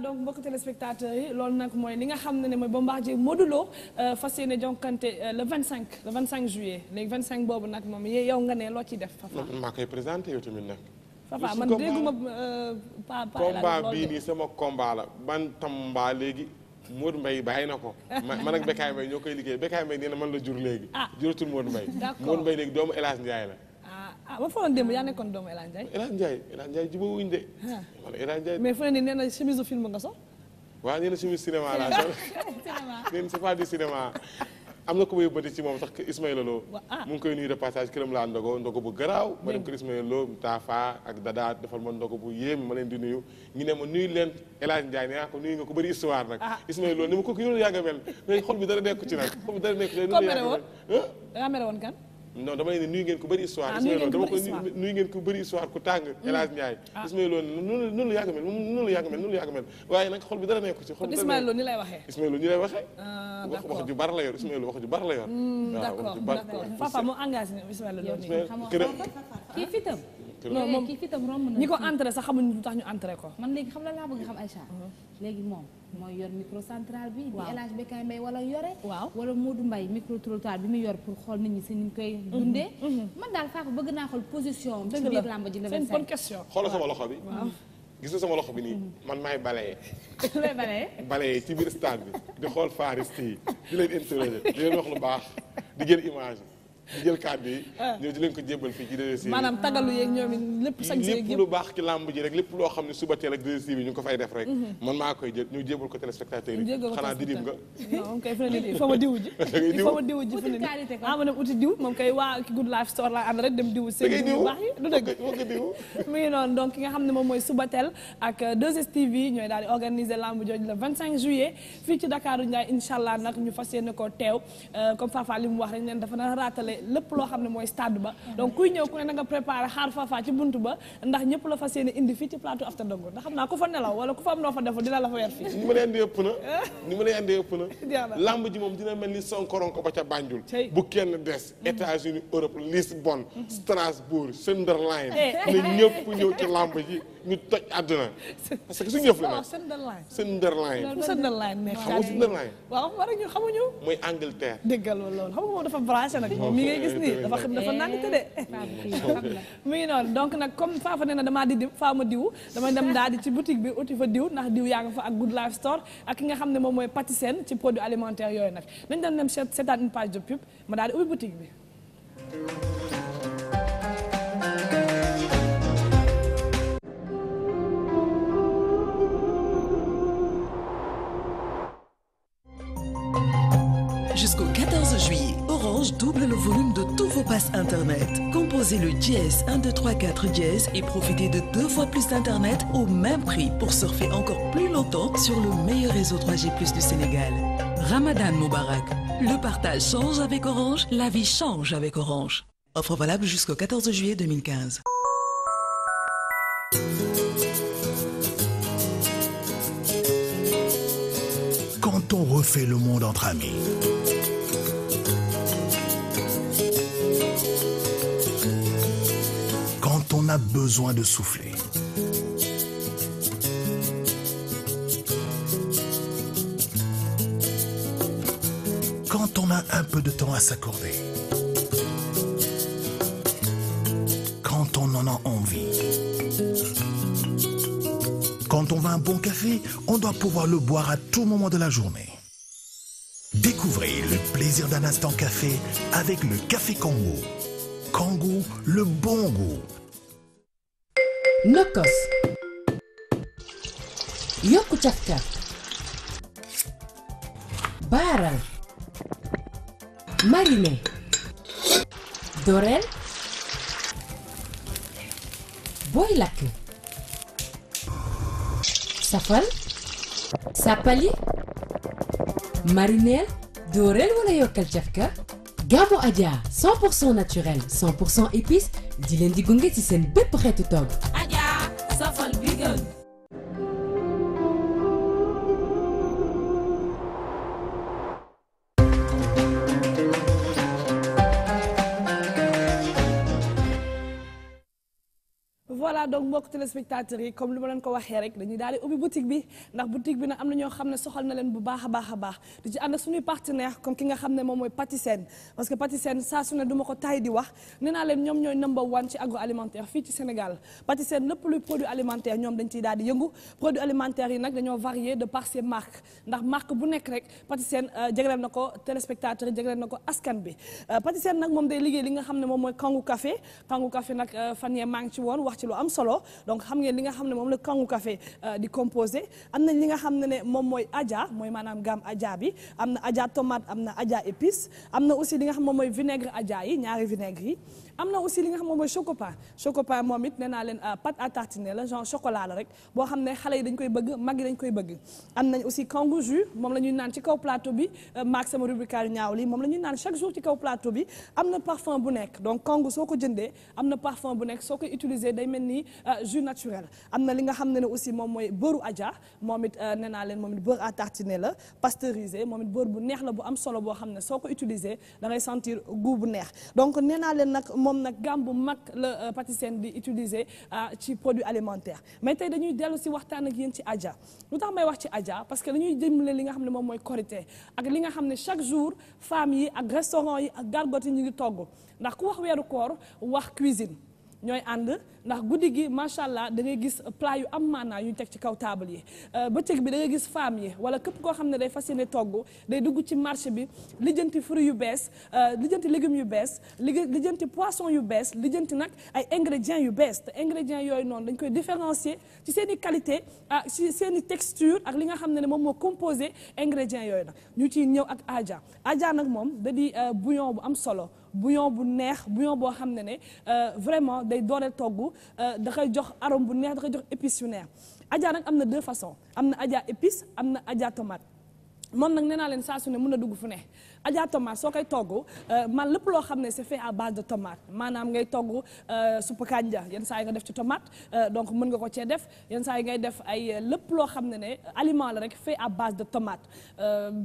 S1: donc mbokk téléspectateurs yi loolu nag mooy li nga xam ne mooy Bombardier Modou Lo euh, fas yéene jonkante euh, le 25 cinq 25 juillet léegi 25 boobu nag moom yow nga ne loo ciy def. Fafa
S3: maa koy présenté yow tamit nag. Fafa man dégguma
S1: euh, pa pa combat bii nii
S3: sama combat la man tamba léegi. Modou Mbaye bàyyi na ko. man ak Bekaay Mbaye ñoo koy liggéey Bekaay Mbaye nee na man la jur léegi. Ah. juratul Modou Mbaye. léegi doomu El Hadj Ndiaye la.
S1: ah ma foogoon démb yaa nekkoon doomu Elan Ndiaye.
S3: Elan Ndiaye Elan Ndiaye jubóo wuñ de. Ah. man Elan Ndiaye mais
S1: fu ne nii nee na chemise film nga sol.
S3: waaw nee na chemise cinéma laa sol. (laughs) cinéma nee c'est pas du cinéma. am na ku may bëti moom sax ah. bu garaaw. ma dem kër Ismaïla Lo Tafa ak Dada defal ma ndogo bu yéem ma leen di nuyu. ñu ne ma nuyu leen El Hadj Ndiaye nee ah, ko nuyu nga ko bëri histoire nag. Ismaïla Lo ni ma ko ki yoonu yaa nga mel mais xol bi dara nekk ci nag. xol bi dara nekk ci nag. koo mere woon
S1: koo mere woon kan.
S3: non dama leen ne nuyu ngeen ku bëri histoire. ah nuyu ngeen ku bëri dama nuyu ngeen ku bëri histoire ku tàng. Mm. El Hadj Ndiaye. ah Ismaël Lo noonu noonu mel noonu la yàgg mel noonu la yàgg mel waaye nag xol bi dara nekk ko xol bi dara Ismaël
S1: ni lay waxee. Ismaël Lo ni lay waxee. Ah, wax ju
S3: bar la yor Ismaël Lo wax ju bar la yor. Mm, waaw wax ju bar papa
S1: mu engagé Ismaël Lo. kii non eh, moom kii
S8: fii tam romb na ñi ko
S1: entré sax xamuñu lu tax ñu entré ko man léegi xam la laa
S8: bëgg xam Aïcha uh-huh. léegi moom mooy yor micro central bi di El Hadj Bécaye Mbaye wala yore waaw wala Modou Mbaye micro trottoir bi mu yor pour xool nit ñi si niñ koy uh-huh. dundee uh-huh. man daal faafa bëgg naa xool position ci biir làmb ji le 25 c'est une bonne question
S3: xoolal sama loxo bi waaw gis nga sama loxo bi nii man maay balayé
S8: (laughs)
S3: balayé ci biir stade bi di xool faarist yi di leen interroger di leen wax lu baax di jël image ñu (laughs) jël kàddu yi. Ah. ñëw di leen ko jébbal fii ci 2 loo xam ne suba teel ak 2STV ñu ko fay def rek. Mhm. man maa koy jël ñu jébbal ko téléspectateur yi. xanaa di dim nga.
S1: moom kay fële ni il faut ma diw ji. (laughs) il ah, (laughs) euh, ñooy daal di organiser làmb jooju le fii ci Dakar Ndiaye incha nag ñu fas yéene koo teew euh, comme Fafa li mu wax rek neen dafa na raatale lépp loo xam ne mooy stade ba donc kuy ñëw ku ne na nga préparé xaar faafaa ci buntu ba ndax ñëpp la fas yéene indi fii ci plateau after dangour ndax xam naa ku fa nelaw wala ku fa am noo fa deful dina la fa weer fii ni ma
S3: lay indi na ni ma lay indi (laughs) ji moom dina mel ni sonkoronko ba ca Banjul bu kenn des mhm. États-Unis Europe Lisbonne mhm. Strasbourg Sunderland eh. (laughs) na ñëpp ñëw ci lamb ji ñu toj àdduna parce que suñ yëf la nag
S1: Sunderland Sunderland xam nga Sunderland waaw xamuñu mooy Angleterre déggal loolu xam nga moom dafa branché nag ngay gis nii eh, dafa xam dafa eh, nang te de eh,
S12: (laughs)
S1: mu ngi noonu donc nag comme faafa nee na damaa di faa ma diw damay dem daal di ci boutique bi uti fa diw ndax diw yaa nga fa ak Good Life Store ak ki nga xam ne moom mooy Patisen ci produit alimentaire yooyu nag nañ dem dem seetaan une page de pub ma daal di ubbi boutique bi volume de tous vos passes Internet. Composez le dièse 1234 dièse et profitez de deux fois plus d'Internet au même prix pour surfer
S2: encore plus longtemps sur le meilleur réseau 3 Plus du Sénégal. Ramadan Moubarak. Le partage change avec Orange, la vie change avec Orange. Offre valable jusqu'au juillet
S11: Quand on refait le monde entre amis. besoin de souffler. Quand on a un peu de temps à s'accorder. Quand on en a envie. Quand on veut un bon café, on doit pouvoir le boire à tout moment de la journée. Découvrez le plaisir d'un instant café avec le Café Kango. Kango, le bon goût. nokkos
S2: yokku cafka baaral
S8: marine doreel booy lakk safal sàppali marineel dooreel wala yokkal cafka Gamo Adja naturel épice di leen di gunge ci seen bépp xeetu togg
S1: mbokk téléspectateurs yi comme li ma leen ko waxee rek dañuy daal di ubbi boutique bi ndax boutique bi nag am na ñoo xam ne soxal na leen bu baax a baax a baax di ci ànd ak suñuy partenaire comme ki nga xam ne moom mooy Patisen parce que Patisen saa ma ko taay di wax nee naa leen ñoom ñooy number one fii ci Sénégal Patisen lépp luy produit alimentaire ñoom dañ ciy daal di yëngu produit alimentaire yi nag dañoo varié de par ses marques ndax marque nekk rek Patisen euh, jagleel na ko téléspectateurs yi jagleel na ko askan bi euh, Patisen nag moom day liggéey li nga xam ne moom mooy kangu café kangu café nag euh, fan yee maa ngi ci woon wax ci lu am solo donc xam ngeen li nga xam ne moom la kangu kafe euh, di composé am na li nga xam ne ne moom mooy aja mooy maanaam gaam aja bi am na aja tomate am na aja épice am na aussi li nga xam moom mooy vinaigre aja yi ñaari vinaigre yi am na aussi li nga xam moom mooy chocopa leen euh, pâte à tartiner la genre chocolat xam ne xale yi koy bëgg mag yi dañ koy bëgg am nañ aussi moom la ñuy naan ci kaw plateau bi euh, maag sama moom la ñuy naan chaque jour ci kaw plateau bi am na nekk donc kangou soo ko jëndee am na parfum bu nekk soo koy utiliser day mel ni euh, jus am na li nga xam ne ne aussi moom mooy beurre aja moom it nee naa leen moom it beurre à tartiner la pasteurisé moom it beurre bu neex la bu am solo boo xam ne soo ko utiliser da ngay sentir goût bu neex donc nee leen nag moom nag gamme bu mag la euh, pâtissière di utiliser euh, ci produit alimentaire mais tey dañuy dellu si waxtaan ak yéen ci aja lu tax may wax ci aja parce que dañuy dimbale li nga xam ne moom mooy korité ak li nga xam ne chaque jour femmes yi ak restaurant yi ak gargote yi ñu ngi togg ndax ku wax weeru koor wax cuisine ñooy ànd ndax guddi gi macha allah da ngay gis plat yu am maanaa yu ñu teg ci kaw taabal yi euh, bëccëg bi da gis femme yi wala képp koo xam ne day fas yéene togg day dugg ci marché bi lijjanti fruit yu bees euh, lijjanti légumes yu bees lijjanti poisson yu bees lijjanti nag ay ingrédients yu bees te ingrédients yooyu noonu dañ koy différencier ci seen i qualité ah ci seeni i texture ak li nga xam ne ne moom moo composé ingrédients yooyu nag ñu ciy ñëw ak aja aja nag moom da di euh, bouillon bu am solo bouillon bu neex bouillon boo xam ne ne vraiment day dooleel togg Euh, da koy jox arôme bu neex jox épice yu neex aja nag am na deux façons am na aja épice am na aja tomate man nag nee leen saa su ne mën a dugg fu ne Adja tomate soo koy togg euh, man lépp loo xam ne c'est fait à base de tomate maanaam ngay togg euh, suppu kanja yenn saa yi nga def ci tomate euh, donc mën nga ko cee def yenn saa yi ngay def ay lépp loo xam ne ne aliment la rek fait à base de tomate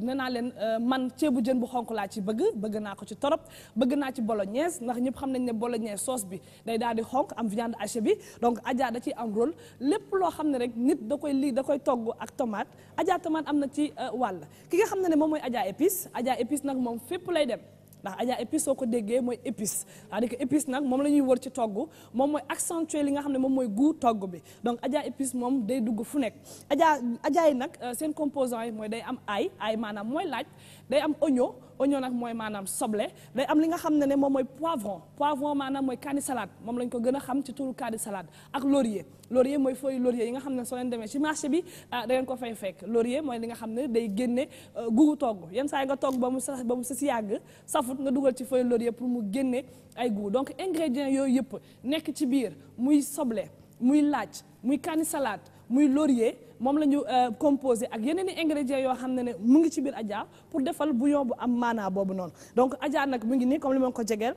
S1: nee naa leen man ceebu jën bu xonk laa ci bëgg bëgg naa ko ci torop bëgg naa ci bolo ñees ndax ñëpp xam nañ ne bolognaise sauce bi day daal di xonk am viande hachée bi donc ajaa da ci am rôle lépp loo xam ne rek nit da koy lii da koy togg ak tomate Adja tomate am na ci wàll ki nga xam ne ne moom mooy Adja épice Adja épice nag moom fépp lay dem ndax Adja épice soo ko déggee mooy épice c'est-à-dire épice nag moom la ñuy wër ci togg moom mooy accentuer li nga xam ne moom mooy goût toggu bi donc Adja épice moom day dugg fu nekk Adja Adja yi nag euh, seen composant yi mooy day am ay ay maanaam mooy laaj day am oignon oignon nag mooy maanaam soble day am li nga xam ne ne moom mooy poivron poivron maanaam mooy kaani salade moom lañ ko gën a xam ci turu kaani salade ak laurier laurier mooy feuille laurier yi nga xam ne soo leen demee ci marché bi ah, da ngeen ko fay fekk laurier mooy li nga xam ne day génne euh, guru togg yenn saa nga togg ba mu sa ba mu sa si yàgg safut nga dugal ci feuille laurier pour mu génne ay guru donc ingrédients yooyu yëpp nekk ci biir muy soble muy laaj muy kaani salaat muy laurier moom la ñu euh, composé ak yeneen i yoo xam ne ne mu ngi ci biir aja pour defal bouillon bu am maanaa boobu noonu donc aja nag mu ngi nii comme li ma ko jegeel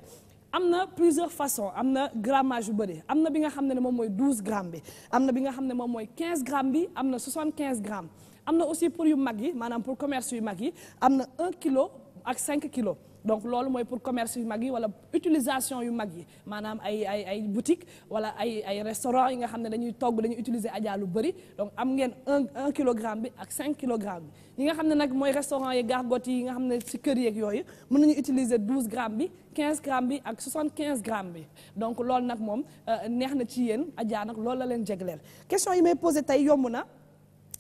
S1: am na plusieurs façons am na grammage yu bëri am na bi nga xam ne ne moom mooy 12 grammes bi am na bi nga xam ne mooy 15 grammes bi am na 75 grammes am na aussi pour yu mag yi maanaam pour commerce yu mag yi am na 1 kilo ak cinq kilos donc loolu mooy pour commerce yu mag yi wala utilisation yu mag yi maanaam ay ay ay boutique wala ay ay restaurant yi nga xam ne dañuy togg dañuy utiliser aja lu bëri donc am ngeen un kilogramme bi ak cinq kilogramme bi ñi nga xam ne nag mooy restaurant yi gargot yi nga xam ne si kër yeeg yooyu mën nañu utiliser douze bi quinze grammes bi ak soixante quinze grammes bi donc loolu nag moom euh, neex na ci yéen aja nag loolu la leen jegleel question yi may posé tey yomb na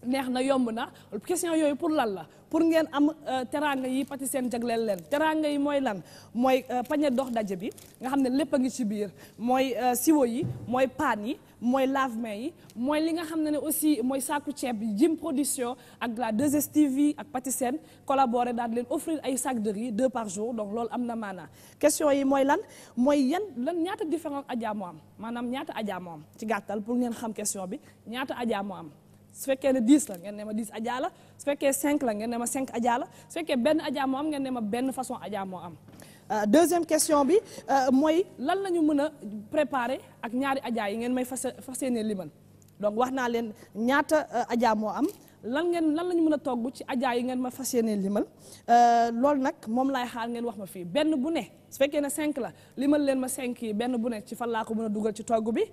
S1: neex na yomb na question yooyu pour lan la pour ngeen am euh, teraanga yi pati seen jagleel leen teraanga yi mooy lan mooy euh, pañe dox daje bi nga xam ne lépp a ngi ci biir mooy euh, siwo yi mooy paan yi mooy lave-mains yi mooy li nga xam ne ne aussi mooy saaku ceeb yi Jim Production ak la 2STV ak pati seen collaboré daal leen offrir ay sac de riz par jour donc loolu am na maanaa question yi mooy lan mooy yan lan ñaata différence ajaa moo am maanaam ñaata ajaa moo am ci gàttal pour ngeen xam question bi ñaata ajaa moo am su fekkee ne 10 la ngeen ne ma 10 ajaa la su fekkee cinq la ngeen ne ma 5 ajaa su fekkee benn ajaa am ngeen ne ma benn façon ajaa am. Euh, deuxième question bi euh, mooy lan la ñu mën a préparer ak ñaari ajaa yi ngeen may fas fas seenee limal donc wax naa leen ñaata euh, ajaa moo am. lan ngeen lan la ñu mën a togg ci ajaa yi ngeen ma fas yéene limal euh, loolu nag moom laay xaar ngeen wax ma fii benn bu ne su fekkee ne cinq la limal leen ma cinq yi benn bu ne ci fan laa ko mën a dugal ci togg bi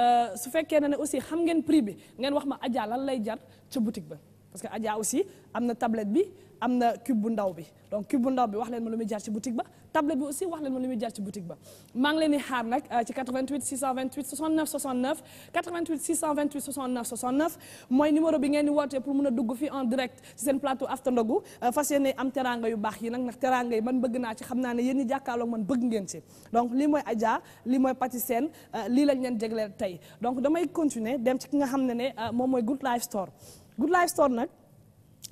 S1: euh, su fekkee ne ne aussi xam ngeen prix bi ngeen wax ma ajaa lan lay jar ci boutique ba parce que ajaa aussi am na tablette bi am na cube bu ndaw bi donc cube bu ndaw bi wax leen ma lu muy jar ci boutique ba tablette bi aussi wax leen ma lu muy jar ci boutique ba maa ngi leen di xaar nag euh, mooy numéro bi ngeen di wootee pour mun a dugg fii en direct ci seen plateau after ndogu euh, fas yéene am teranga yu baax yi nag ndax teranga yi man bëgg naa ci xam naa ne yéen ñi jàkkaarloog man bëgg ngeen ci donc lii mooy Adja lii mooy Pati Sène euh, lii lañ leen jégleel tey donc damay continuer dem ci ki nga xam ne ne moom mooy Good Life Store Good Life Store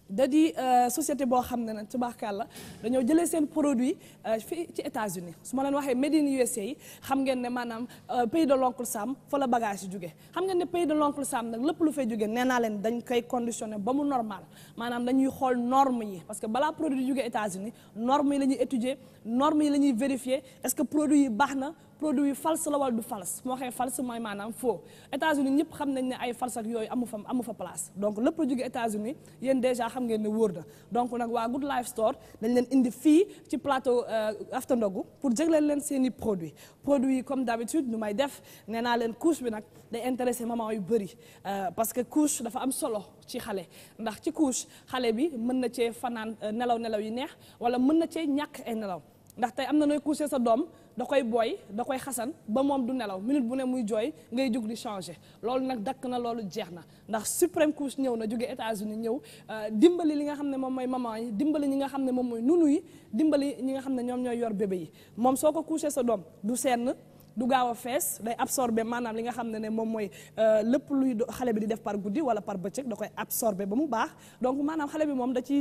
S1: da di euh, société boo xam ne nag la dañoo jëlee seen produit euh, fii ci États-Unis su ma leen waxee made in USA yi xam ngeen ne maanaam euh, pays de l'oncle Sam fa la bagage yi jóge xam ngeen ne pays de l'oncle Sam nag lépp lu fay jóge neenaa leen dañ koy conditionné ba mu normal maanaam dañuy xool norme yi parce que balaa produit jóge États-Unis normes yi la ñuy étudier normes yi la ñuy vérifier est-ce que produit yi baax na produit yi false la wala du false moo waxee false mooy maanaam faux États-Unis ñëpp xam nañ ne ay false ak yooyu amu fa amu fa place donc lépp lu États-Unis yéen déjà xam ngeen ne wóor na donc nag waa Good Life Store dañ leen indi fii ci plateau euh, after ndogu pour jégleel leen seen i produits produits yi comme d'habitude ñu may def nee naa leen couche bi nag day intéressé maman yu bëri euh, parce que couche dafa am solo ci xale ndax ci couche xale bi mën na cee fanaan euh, nelaw nelaw yi neex wala mën na cee ñàkk ay nelaw ndax am na nooy coucher sa doom da koy booy da koy xasan ba moom du nelaw minute bu ne muy jooy ngay jug di changer loolu nag dakk na loolu jeex na ndax suprême couche ñëw na jóge États-Unis ñëw euh, dimbali li nga xam ne moom mooy maman yi dimbali ñi nga xam ne moom mooy nunu yi dimbali ñi nga xam ne ñoom ñooy yor bébé yi moom soo ko couché sa doom du senn du gaaw a fees day absorbé maanaam li nga xam ne ne moom mooy euh, lépp luy xale bi di def par guddi wala par bëccëg da koy absorbé ba mu baax donc maanaam xale bi moom da ciy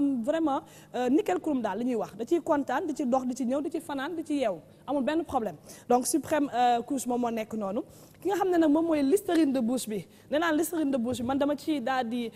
S1: am vraiment euh, nickel chrome daal li ñuy wax da ciy kontaan di ci dox di ci ñëw di ci fanaan di ci yeew amul benn problème donc suprême euh, couche moom moo nekk noonu ki nga xam ne nag moom mooy listerine de bouche bi nee naan listerine de bouche bi man dama ci daal di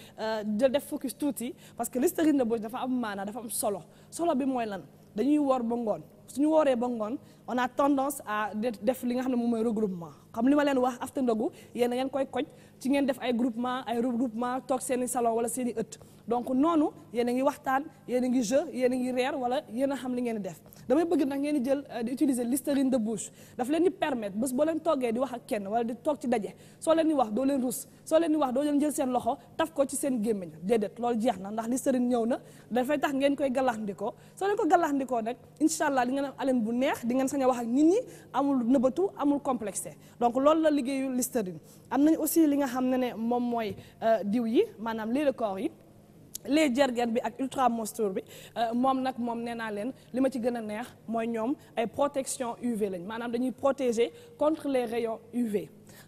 S1: def focus tuuti parce que listerine de bouche dafa am maanaa dafa am solo solo bi mooy lan dañuy woor ba ngoon suñu wooree ba ngoon on a tendance à def li nga xam ne moom mooy regroupement xam li ma leen wax after ndogu yéen da ngeen koy koj ci ngeen def ay groupement ay regroupement toog seen i salon wala seen i ëtt donc noonu yéen a ngi waxtaan yéen a ngi jeu yéen a ngi reer wala yéen a xam li ngeen def damay bëgg nag ngeen di jël euh, di utiliser listerine de bouche daf leen di permettre bés boo leen di wax ak kenn wala di toog ci daje soo leen wax doo leen rus soo leen di wax doo leen jël seen loxo taf ko ci seen gémmiñ déedéet loolu jeex na ndax listerine ñëw na dafay tax ngeen koy galaxndikoo soo leen ko galaxndikoo nag incha allah di ngeen am alem bu nga ak nit ñi amul nëbbatu amul complexé donc loolu la liggéeyu Listerine am nañ aussi li nga xam ne ne moom mooy euh, diw yi maanaam lait de corps yi les jergen bi ak ultra moisture bi euh, moom nag moom nee naa leen li ma ci gën a neex mooy ñoom ay protection UV lañ maanaam dañuy protéger contre les rayon UV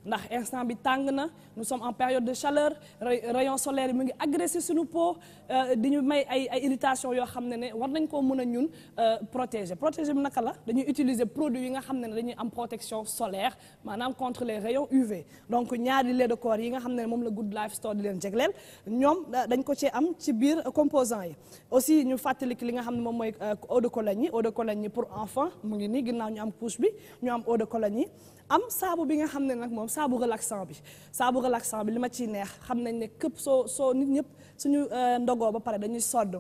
S1: ndax instant bi tàng na nous some en période de chaleur rayon solaire yi mu ngi agressé suñu peau euh, di ñu may ay ay irritation yoo xam ne ne war nañ koo mën a ñun euh, protéger protéger bi naka la dañuy utiliser produit yi nga xam ne ne dañuy am protection solaire maanaam contre les rayons UV donc ñaari lee de corps yi nga xam ne moom la Good Life Store di leen jegleel ñoom euh, dañ ko cee am ci biir composant yi aussi ñu fàttali li nga xam ne moom mooy eau de Cologne yi eau mu ngi nii ginnaaw ñu am couche bi ñu am eau de Cologne am saabu bi nga xam ne nag moom saabu relaxant bi saabu relaxant bi li ma ci neex xam nañ ne képp soo soo nit ñëpp suñu euh, ndogoo ba pare dañuy sodd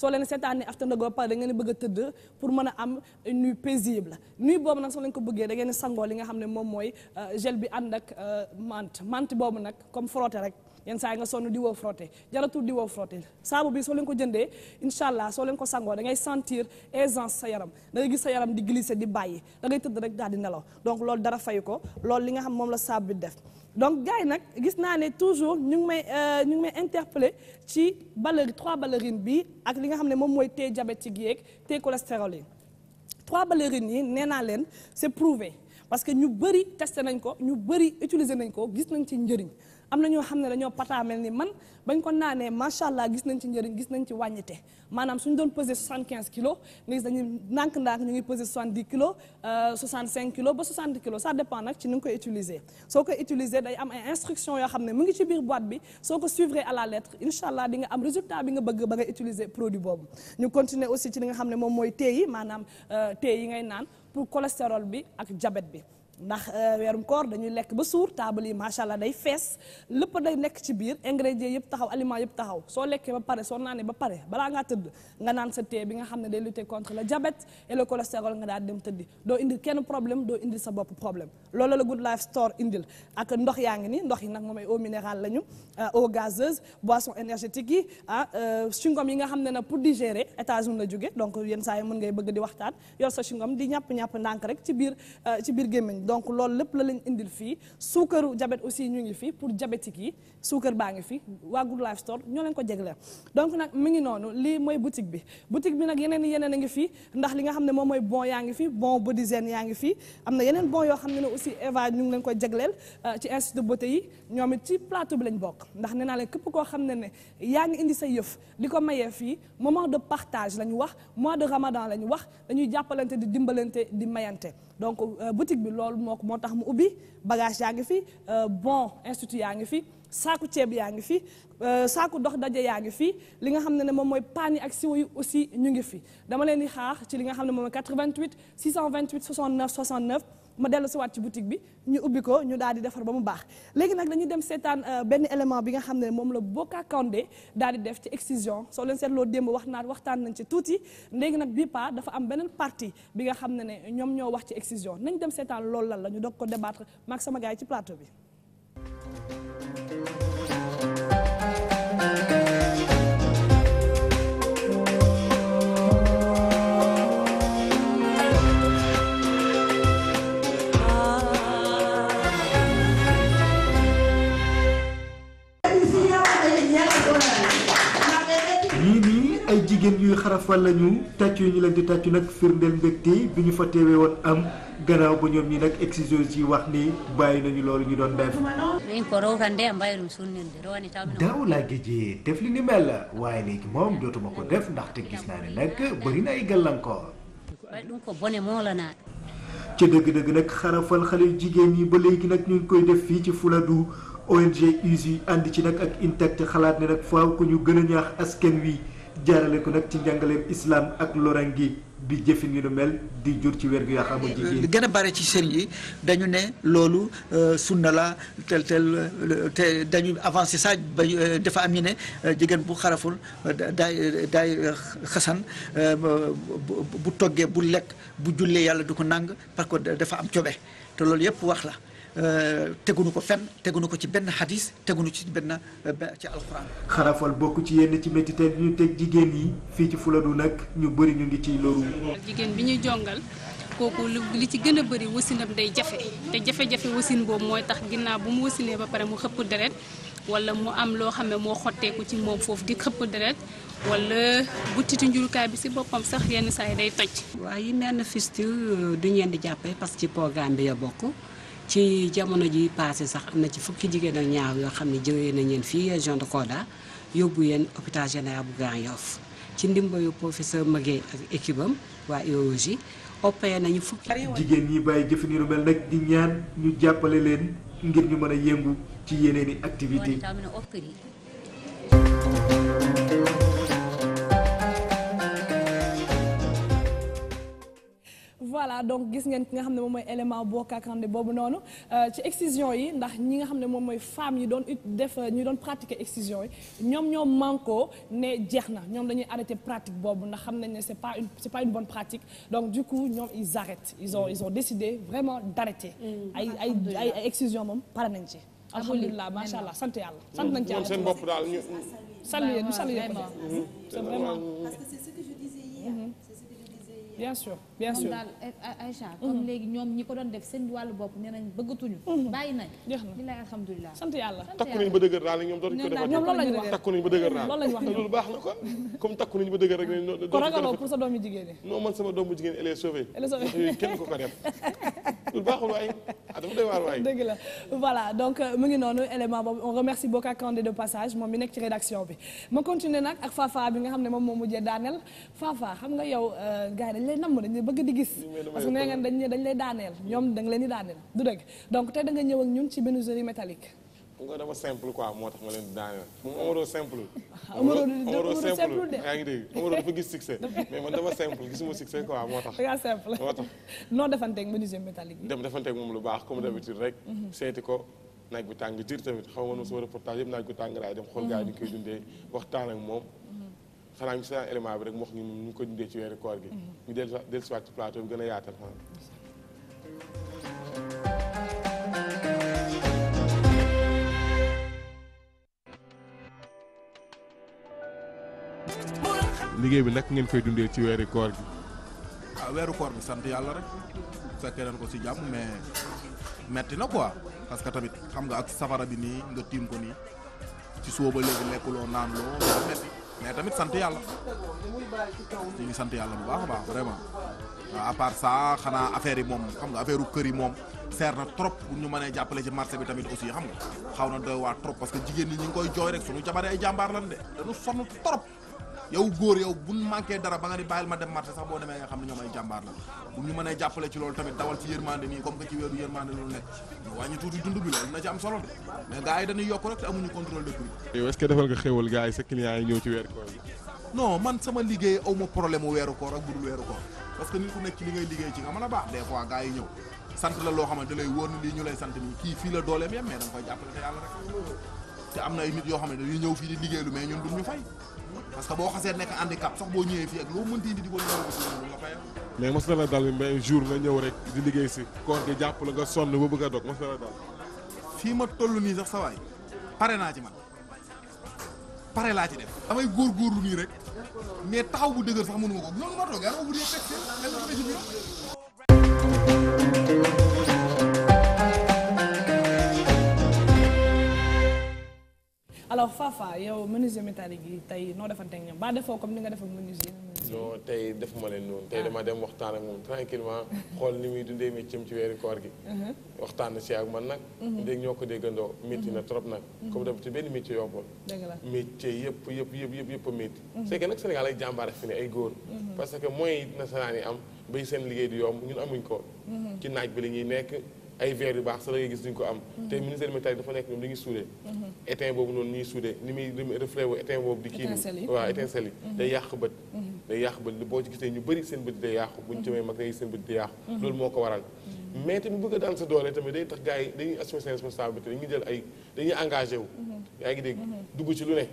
S1: soo leen seetaan ne after ndogoo ba pare da ngeen bëgg tëdd pour mën a am une nuit paisible nuit boobu nag soo leen ko bëggee dangeen ngeen sangoo li nga xam ne moom mooy euh, gel bi ànd ak euh, mante mante boobu nag comme frotté rek yenn saa yi nga sonn di woo frotté jaratul di woo frotté saabu bi soo leen ko jëndee incha allah soo leen ko sangoo da ngay sentir aisance sa yaram da gis sa yaram di glisser di bàyyi da ngay tëdd rek daal di nelaw donc loolu dara fayu ko loolu li nga xam moom la saabu bi def donc gars yi nag gis naa ne toujours ñu ngi may euh, ñu may interpellé ci balleri trois ballerines bi ak li nga xam ne moom mooy tee diabète ci yeeg tee cholestérol yi trois ballerines yi nee naa leen c'est prouvé parce que ñu bëri testé nañ ko ñu bëri utiliser nañ ko gis nañ ci njëriñ am na ñoo xam ne dañoo pataamel ni man bañ ko naanee macha allah gis nañ ci njëriñ gis nañ ci wàññite maanaam suñu doon pesé 75 kilo nga gis dañuy ndànk-ndànk ñu ngi pesé 70 kilos euh, kilos ba 60 kilos ça dépend nag ci ni nga koy utiliser soo koy utiliser day am ay instructions yoo xam ne mu ngi ci biir boîte bi soo ko suivre à la lettre incha allah di am résultat bi nga bëgg ba nga utiliser produit boobu ñu continuer aussi ci li nga xam ne moom mooy thé maanaam euh, thé yi ngay naan pour cholestérol bi ak diabète bi ndax euh, weerum koor dañuy lekk ba suur taabal yi macha allah day fees lépp day nekk ci biir engrais yëpp taxaw aliments yëpp taxaw soo lekkee ba pare soo naanee ba pare balaa ngaa tëdd nga naan sa thé bi nga xam ne day lutter contre la diabète et le cholestérol nga daal dem tëddi doo indi kenn problème doo indi sa bopp problème loolu la Good Life Store indil ak ndox yaa ngi nii ndox yi nag moom ay eau minérale lañu euh, eau gazeuse boisson énergétique yi ah euh, chewing yi nga xam ne nag pour digérer États-Unis la jóge donc yenn saa mën ngay bëgg di waxtaan yor sa chewing di ñàpp ñàpp ndànk rek ci biir ci biir gémmiñ donc loolu lépp la leen indil fii suukaru diabète aussi ñu ngi fii pour diabétique yi suukar baa ngi fii waa Good Life Store ñoo leen ko jegleel donc nag mi ngi noonu lii mooy boutique bi boutique bi nag yeneen yeneen a ngi fii ndax li nga xam ne moom mooy bon yaa ngi fi bon body zen yaa ngi fi am na yeneen bon yoo xam ne ne aussi Eva ñu ngi leen ko jegleel euh, ci institut de beauté yi ñoom ci plateau bi lañ bokk ndax nee naa leen képp koo xam ne ne yaa ngi indi sa yëf li ko mayee fii moment de partage la ñu wax mois de ramadan la ñu wax dañuy jàppalante di dimbalante di mayante donc euh, boutique bi loolu moo moo tax mu ubbi bagage yaa ngi fi euh, bon institut yaa ngi fi saaku ceeb yaa ngi fi euh, saaku dox daje yaa ngi fi li nga xam ne ne moom mooy paan yi ak siwo yi aussi ñu ngi fi dama leen di xaar ci li nga xam ne moom mooy 88 628 69 69 ma dellu siwaat ci boutique bi ñu ubbi ko ñu daal di defar ba mu baax léegi nag dañuy dem seetaan euh, benn élément bi nga xam ne moom la Boka Condé daal di def ci excision soo leen seetloo démb wax naat waxtaan nañ ci tuuti léegi nag bii pas dafa am beneen partie bi nga xam ne ne ñoom ñoo wax ci excision nañ dem seetaan lool lan la ñu dog ko débattre maag sama gars ci plateau bi
S9: ay jigéen yuy xarafal lañu tàccu ñu leen di tàccu nag firndeel mbégte bi ñu fa teewee woon am gannaaw ba ñoom ñi nag exigence yi wax ni bàyyi nañu loolu ñu doon
S10: def.
S2: daaw
S9: laa géejee
S10: def li ni mel waaye léegi moom jotuma ko def ndaxte gis naa ne nag bëri na ay gàllankoor.
S9: ca dëgg-dëgg nag xarafal xale jigéen ñi ba léegi nag ñu ngi koy def fii ci du ONG USU ànd ci nag ak intact xalaat ne nag faaw ku ñu gën a ñaax asken wi. jaarale ko nag ci njàngaleem islam ak lorangi bi jëfin yu nu mel di jur ci wér-gu
S10: yaramu jigéen li
S9: gën a bare ci sëriñ yi dañu ne loolu
S13: euh, sunna la tel tel te dañu avancé saa ba euh, dafa am ñu ne euh, jigéen bu xaraful day daay xasan bu toggee bu lekk bu jullee yàlla du ko nang parce que dafa am cobe te loolu yëpp wax la
S10: Euh, teguñu ko fenn tegunu ko ci benn xadis teguñu ci benn euh, ci alxuraan. xarafal bokk ci yenn ci métiteel ñu teg jigéen yi fii ci du nag ñu bëri ñu ngi ciy loru.
S8: jigéen bi ñuy jongal kooku li ci gën a bëri wasinam day jafe te jafe-jafe wasin boobu mooy tax ginnaaw bu mu wasinee ba pare mu xëpp deret wala mu am loo xam ne moo xotteeku ci moom foofu di xëpp deret walla butitu njurukaay bi si boppam sax yenn saa yi day toj. waaye yi mel ne euh, du ñeen di jàppee parce que ci bi bokk. ci
S2: jamono ji passé sax am na ci fukki jigéen ak ñaar yoo xam ne jëwee nañ leen fii région de Kolda yóbbu yeen hôpital général bu Grand Yoff ci ndimbalu professeur Maguette ak équipe am waa urologie opéré nañu fukki.
S9: jigéen ñi bàyyi jëfandikoo mel nag di ñaan ñu jàppale leen ngir ñu mën a yëngu ci yeneeni activité
S1: voilà donc gis ngeen ki nga xam ne moom mooy élément bokkaakande boobu noonu euh, ci excision yi ndax ñi nga xam ne moom mooy femmes yi doon def ñu doon pratiquer excision yi ñoom ñoo manko ne jeex na ñoom dañuy arrêter pratique boobu ndax xam nañ ne c'est pas c'est pas une bonne pratique donc du coup ñoom ils arrêtent ils ont ils ont décidé vraiment d'arrêter mm, ay ay ay ay excision moom pare nañ ci alhamdulilah macha allah sant yàlla
S3: sant nañ ci yàlla seen bopp daal ñu
S6: saluer
S8: ñu saluer
S1: ko mm-hmm. c'est vraiment
S8: mm-hmm. bien sûr daal eh, eh, Aïcha comme mhm. léegi ñoom ñi ko doon def seen wàllu bopp nee nañ mhm. bàyyi nañ jeex na bilaay alhamdulilah yàlla takku nañu ba
S3: dëgër daal ñoom dootuñu ko defaat ñoom ba dëgër daal loolu lañu wax baaxul waay ah dafa waar waay
S1: dëgg la voilà donc euh, mu ngi noonu élément boobu on remercie Boka Kandé de passage moom mi nekk ci rédaction bi ma continuer nag ak Fafa bi nga xam ne moom moo mujjee daaneel Fafa xam nga yow euh, gars yi dañ lay bëgg di gis parce que nee ngeen dañ dañ lay daaneel ñoom da nga leen
S3: moom (laughs) mais man dama simple gisuma succès quoi moo tax moo tax
S1: (laughs) noo defanteeg menuiserie métallique bi
S3: dem defanteeg moom lu baax comme d'habitude rek mhm. seeti ko naaj bu tàng jër tamit xaw ma nu reportage yëpp naaj bu tàng laay dem xool gars yi ni koy dundee waxtaan ak moom xanaa ñu seetaan élément bi rek moo wax ñu ñu ngi ko dundee ci weeru mhm. a yaatal bi nag ngeen koy dundee ci weeru koor gi.
S10: waaw ah, weeru koor bi sant yàlla rek fekkee nañ ko si jàmm mais metti na quoi parce que tamit xam nga ak safara bi nii nga tiim ko nii ci suba ba léegi lekkuloo naan loo metti mais tamit sant yàlla ñu ngi sant yàlla bu baax a baax vraiment waaw euh, à xanaa affaire yi moom xam nga affaire kër yi moom seer na trop bu ñu mënee jàppale ci marché bi tamit aussi xam nga xaw na doy waar trop parce que jigéen ñi ñu ngi koy jooy rek sunu jabar ay jàmbaar lan de dañu sonn trop yow góor yow bu manqué dara ba nga ni bàyyil ma dem marché sax boo demee nga xam ne ñoom ay jàmbaar la bu ñu mënee jàppale ci loolu tamit dawal ci yërmande nii comme que ci weeru yërmande loolu nekk ñu wàññi tuuti dund bi loolu na ci am solo de mais gars yi dañuy yokk rek te amuñu contrôle de prix.
S3: yow est-ce que defal nga xéwal gars yi sa client ñëw ci weeru koor bi.
S10: man sama liggéey aw ma problème mu weeru koor ak weeru koor parce que nit ku a baax ni lii ñu fii la mais danga parce boo xasee nekk handicap sax boo ñëwee fii ak loo mënti indi di ko ñëw aussi nga fay
S3: mais mos na dal mais jour nga ñëw rek di liggéey si koor gi jàpp la nga sonn ba bëgg a dog mos na la dal fii ma toll nii sax sawaay pare naa ci man
S10: pare laa ci def góor góorgóorlu nii rek mais taxaw bu dëgër sax mënu ma ko noonu ma toog yaa ngi ko bu dee fekk
S1: alors Fafa yow menuisier métallique yi tey noo defanteeg ñoom ba defoo comme ni nga def ak menuisier
S3: non tey defuma leen noonu tey ah. dama dem waxtaan ak moom tranquillement xool ni muy dundee métier ci weeru koor gi uh-huh. waxtaan si ak man nag dégg uh-huh. ñoo ko déggandoo uh-huh. métti na trop nag comme ci benn métier yombul métier yëpp yëpp yëpp yëpp yëpp a métti c'est que nag Sénégal ay jàmbaar fi ne ay góor parce que mooy yi nasaraan yi am bay seen liggéey di yomb ñu amuñ ko ci naaj bi la ñuy nekk ay verre yu baax sax la ngay gis duñ ko am mhm. te ministère métal dafa nekk ñoom dañuy suude mhm. étain boobu noonu ñuy suude ni muy reflet wu étain boobu di kii nii waaw étincelle yi mhm. day yàq bët day yàq bët boo ci gisee ñu bëri seen bët day yàqu buñ jëmee mag day seen bët day yàqu loolu moo ko waral mais tamit bëgg a daan sa doole tamit day tax gars yi dañuy assumer seen responsabilité dañuy jël ay dañuy engagé wu yaa ngi dégg dugg ci lu ne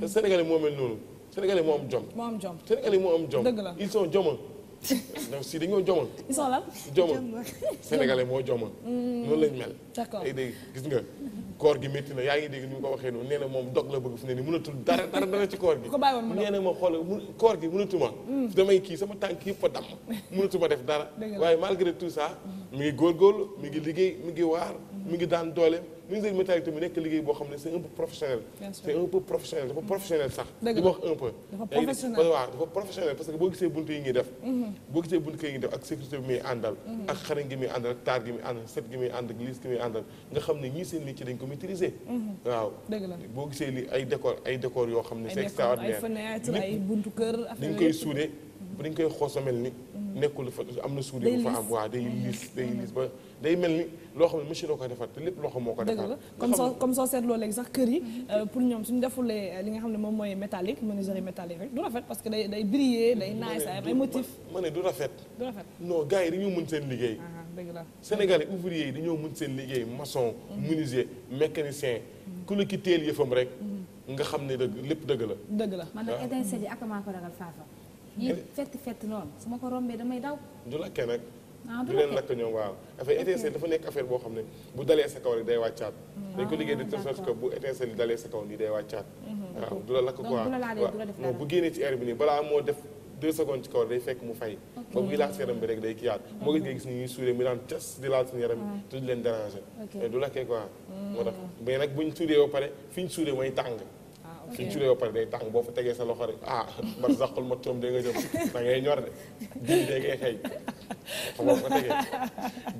S3: te sénégalais moo mel noonu sénégalais moo am jom moo am jom (laughs) donc si dañoo jomal.
S12: ils sont lan jomal moo jomal. Hmm. noonu lañ mel. d'accord ay
S3: dégg gis nga. koor gi metti na yaa ngi dégg ni mu ko waxee noonu nee na moom dog la bëgg fu ne ni mënatul dara dara dara ci koor gi. nee na ma xool mu koor gi mënatuma. Hmm. damay kii sama tànk yëpp fa damm. (laughs) mënatuma def dara. waaye malgré tout ça. mi ngi góorgóorlu mi ngi liggéey mi ngi waar. Hmm. mi ngi daan dooleem. ministre de l'Immatérialité bi nekk liggéey boo xam ne c'est un peu professionnel. c'est un peu professionnel dafa professionnel sax. dëgg wax parce que boo gisee buntu yi ngi def. Mhm. boo gisee buntu yi ngi def ak sécurité bi muy àndal. Mhm. ak xarañ gi muy àndal taar gi muy àndal set gi muy àndal liis gi muy àndal nga xam ne ñii seen métier dañ ko maîtriser. Mhm. waaw boo gisee li ay décor ay décor yoo xam ne c'est extraordinaire ay
S1: fenêtre ay buntu kër koy suude
S3: bu dañ koy xoos a mel ni nekkul fa am na suur bu fa am waaw day liis day liis ba day mel ni loo xam ne machine oo defar te lépp loxo moo ko defar comme soo
S1: comme sax kër yi mhm. euh, pour ñoom suñu defulee euh, ne moom mooy métallique menuiserie métallique rek du rafet parce que day day briller mhm. day naay sa ay motif
S3: ma ne du rafet du rafet non gars yi dañoo mën seen liggéey ah, ah, dëgg la sénégalais ouvrier yi dañoo mën seen liggéey maçon mhm. menuisier mécanicien ku la ki teel yëfam rek nga xam ne dëgg lépp dëgg la
S8: dëgg la man nag ah. ñii fett fett noonu su ma ko rombee damay daw. du lakke nag. Ah, du leen lakk
S3: ñoom waaw. affaire étincelle dafa nekk affaire boo xam ne bu dalee sa kaw rek day wàccaat. Mm. dañ ko ah, liggéey de telle sorte que bu étincelle yi dalee sa kaw nii day wàccaat. Mm-hmm. waaw du la lakk quoi waaw bu génnee ci air bi balaa moo def. deux secondes ci kaw day fekk mu fay ba bu laal si yaram bi rek day kiyaat moo gis nga gis ni ñuy suuree mu daan cas di laal seen yaram bi ah. tudd leen déranger du lakkee quoi moo tax mm. mais nag buñ suuree ba pare fi ñu suuree mooy tàng suñ culee ba pare day tàng boo fa tegee sa loxo rek ah bar saxul ma toom dee nga jëm da ngay ñor de dibi dee ngay xëy xam nga ko tegee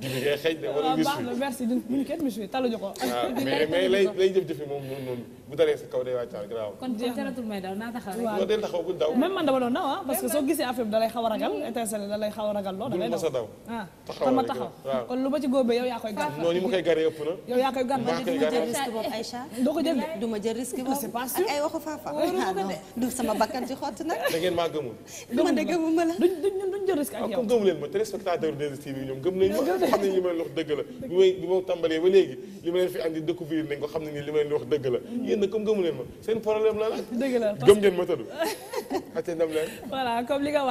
S3: dibi ngay xëy de wala wis ah, baax na
S1: merci duñ kenn monsieur taluñu ko ah, (laughs) mais mais lay lay
S3: jëf jëfi moom noonu noonu bu dalee sa kaw day wàccaar garaaw kon
S1: jaratul may daw naa taxaw rek del taxaw bu daw même man dama doon daw ah parce que soo gisee affaire bi da lay xaw a ragal étincelle da
S6: lay xaw a ragal lool da lay daw sa daw ah taxaw ma taxaw kon lu ma ci góobee yow yaa koy gar noonu mu
S3: koy garee ëpp na yow yaa koy gar ma duma jël risque
S6: boobu Aïcha doo ko jël duma jël risque boobu c'est pas sûr ay waxu faafa. Ah, du sama bakkan ngeen maa gëmul. man de gëmuma duñ jël risque ak ah, yow.
S3: comme gëmu ma téléspectateur de TV ñoom gëm ma xam ma seen problème la dëgg la gëm ngeen ma tëdd. (laughs)
S1: ate comme li nga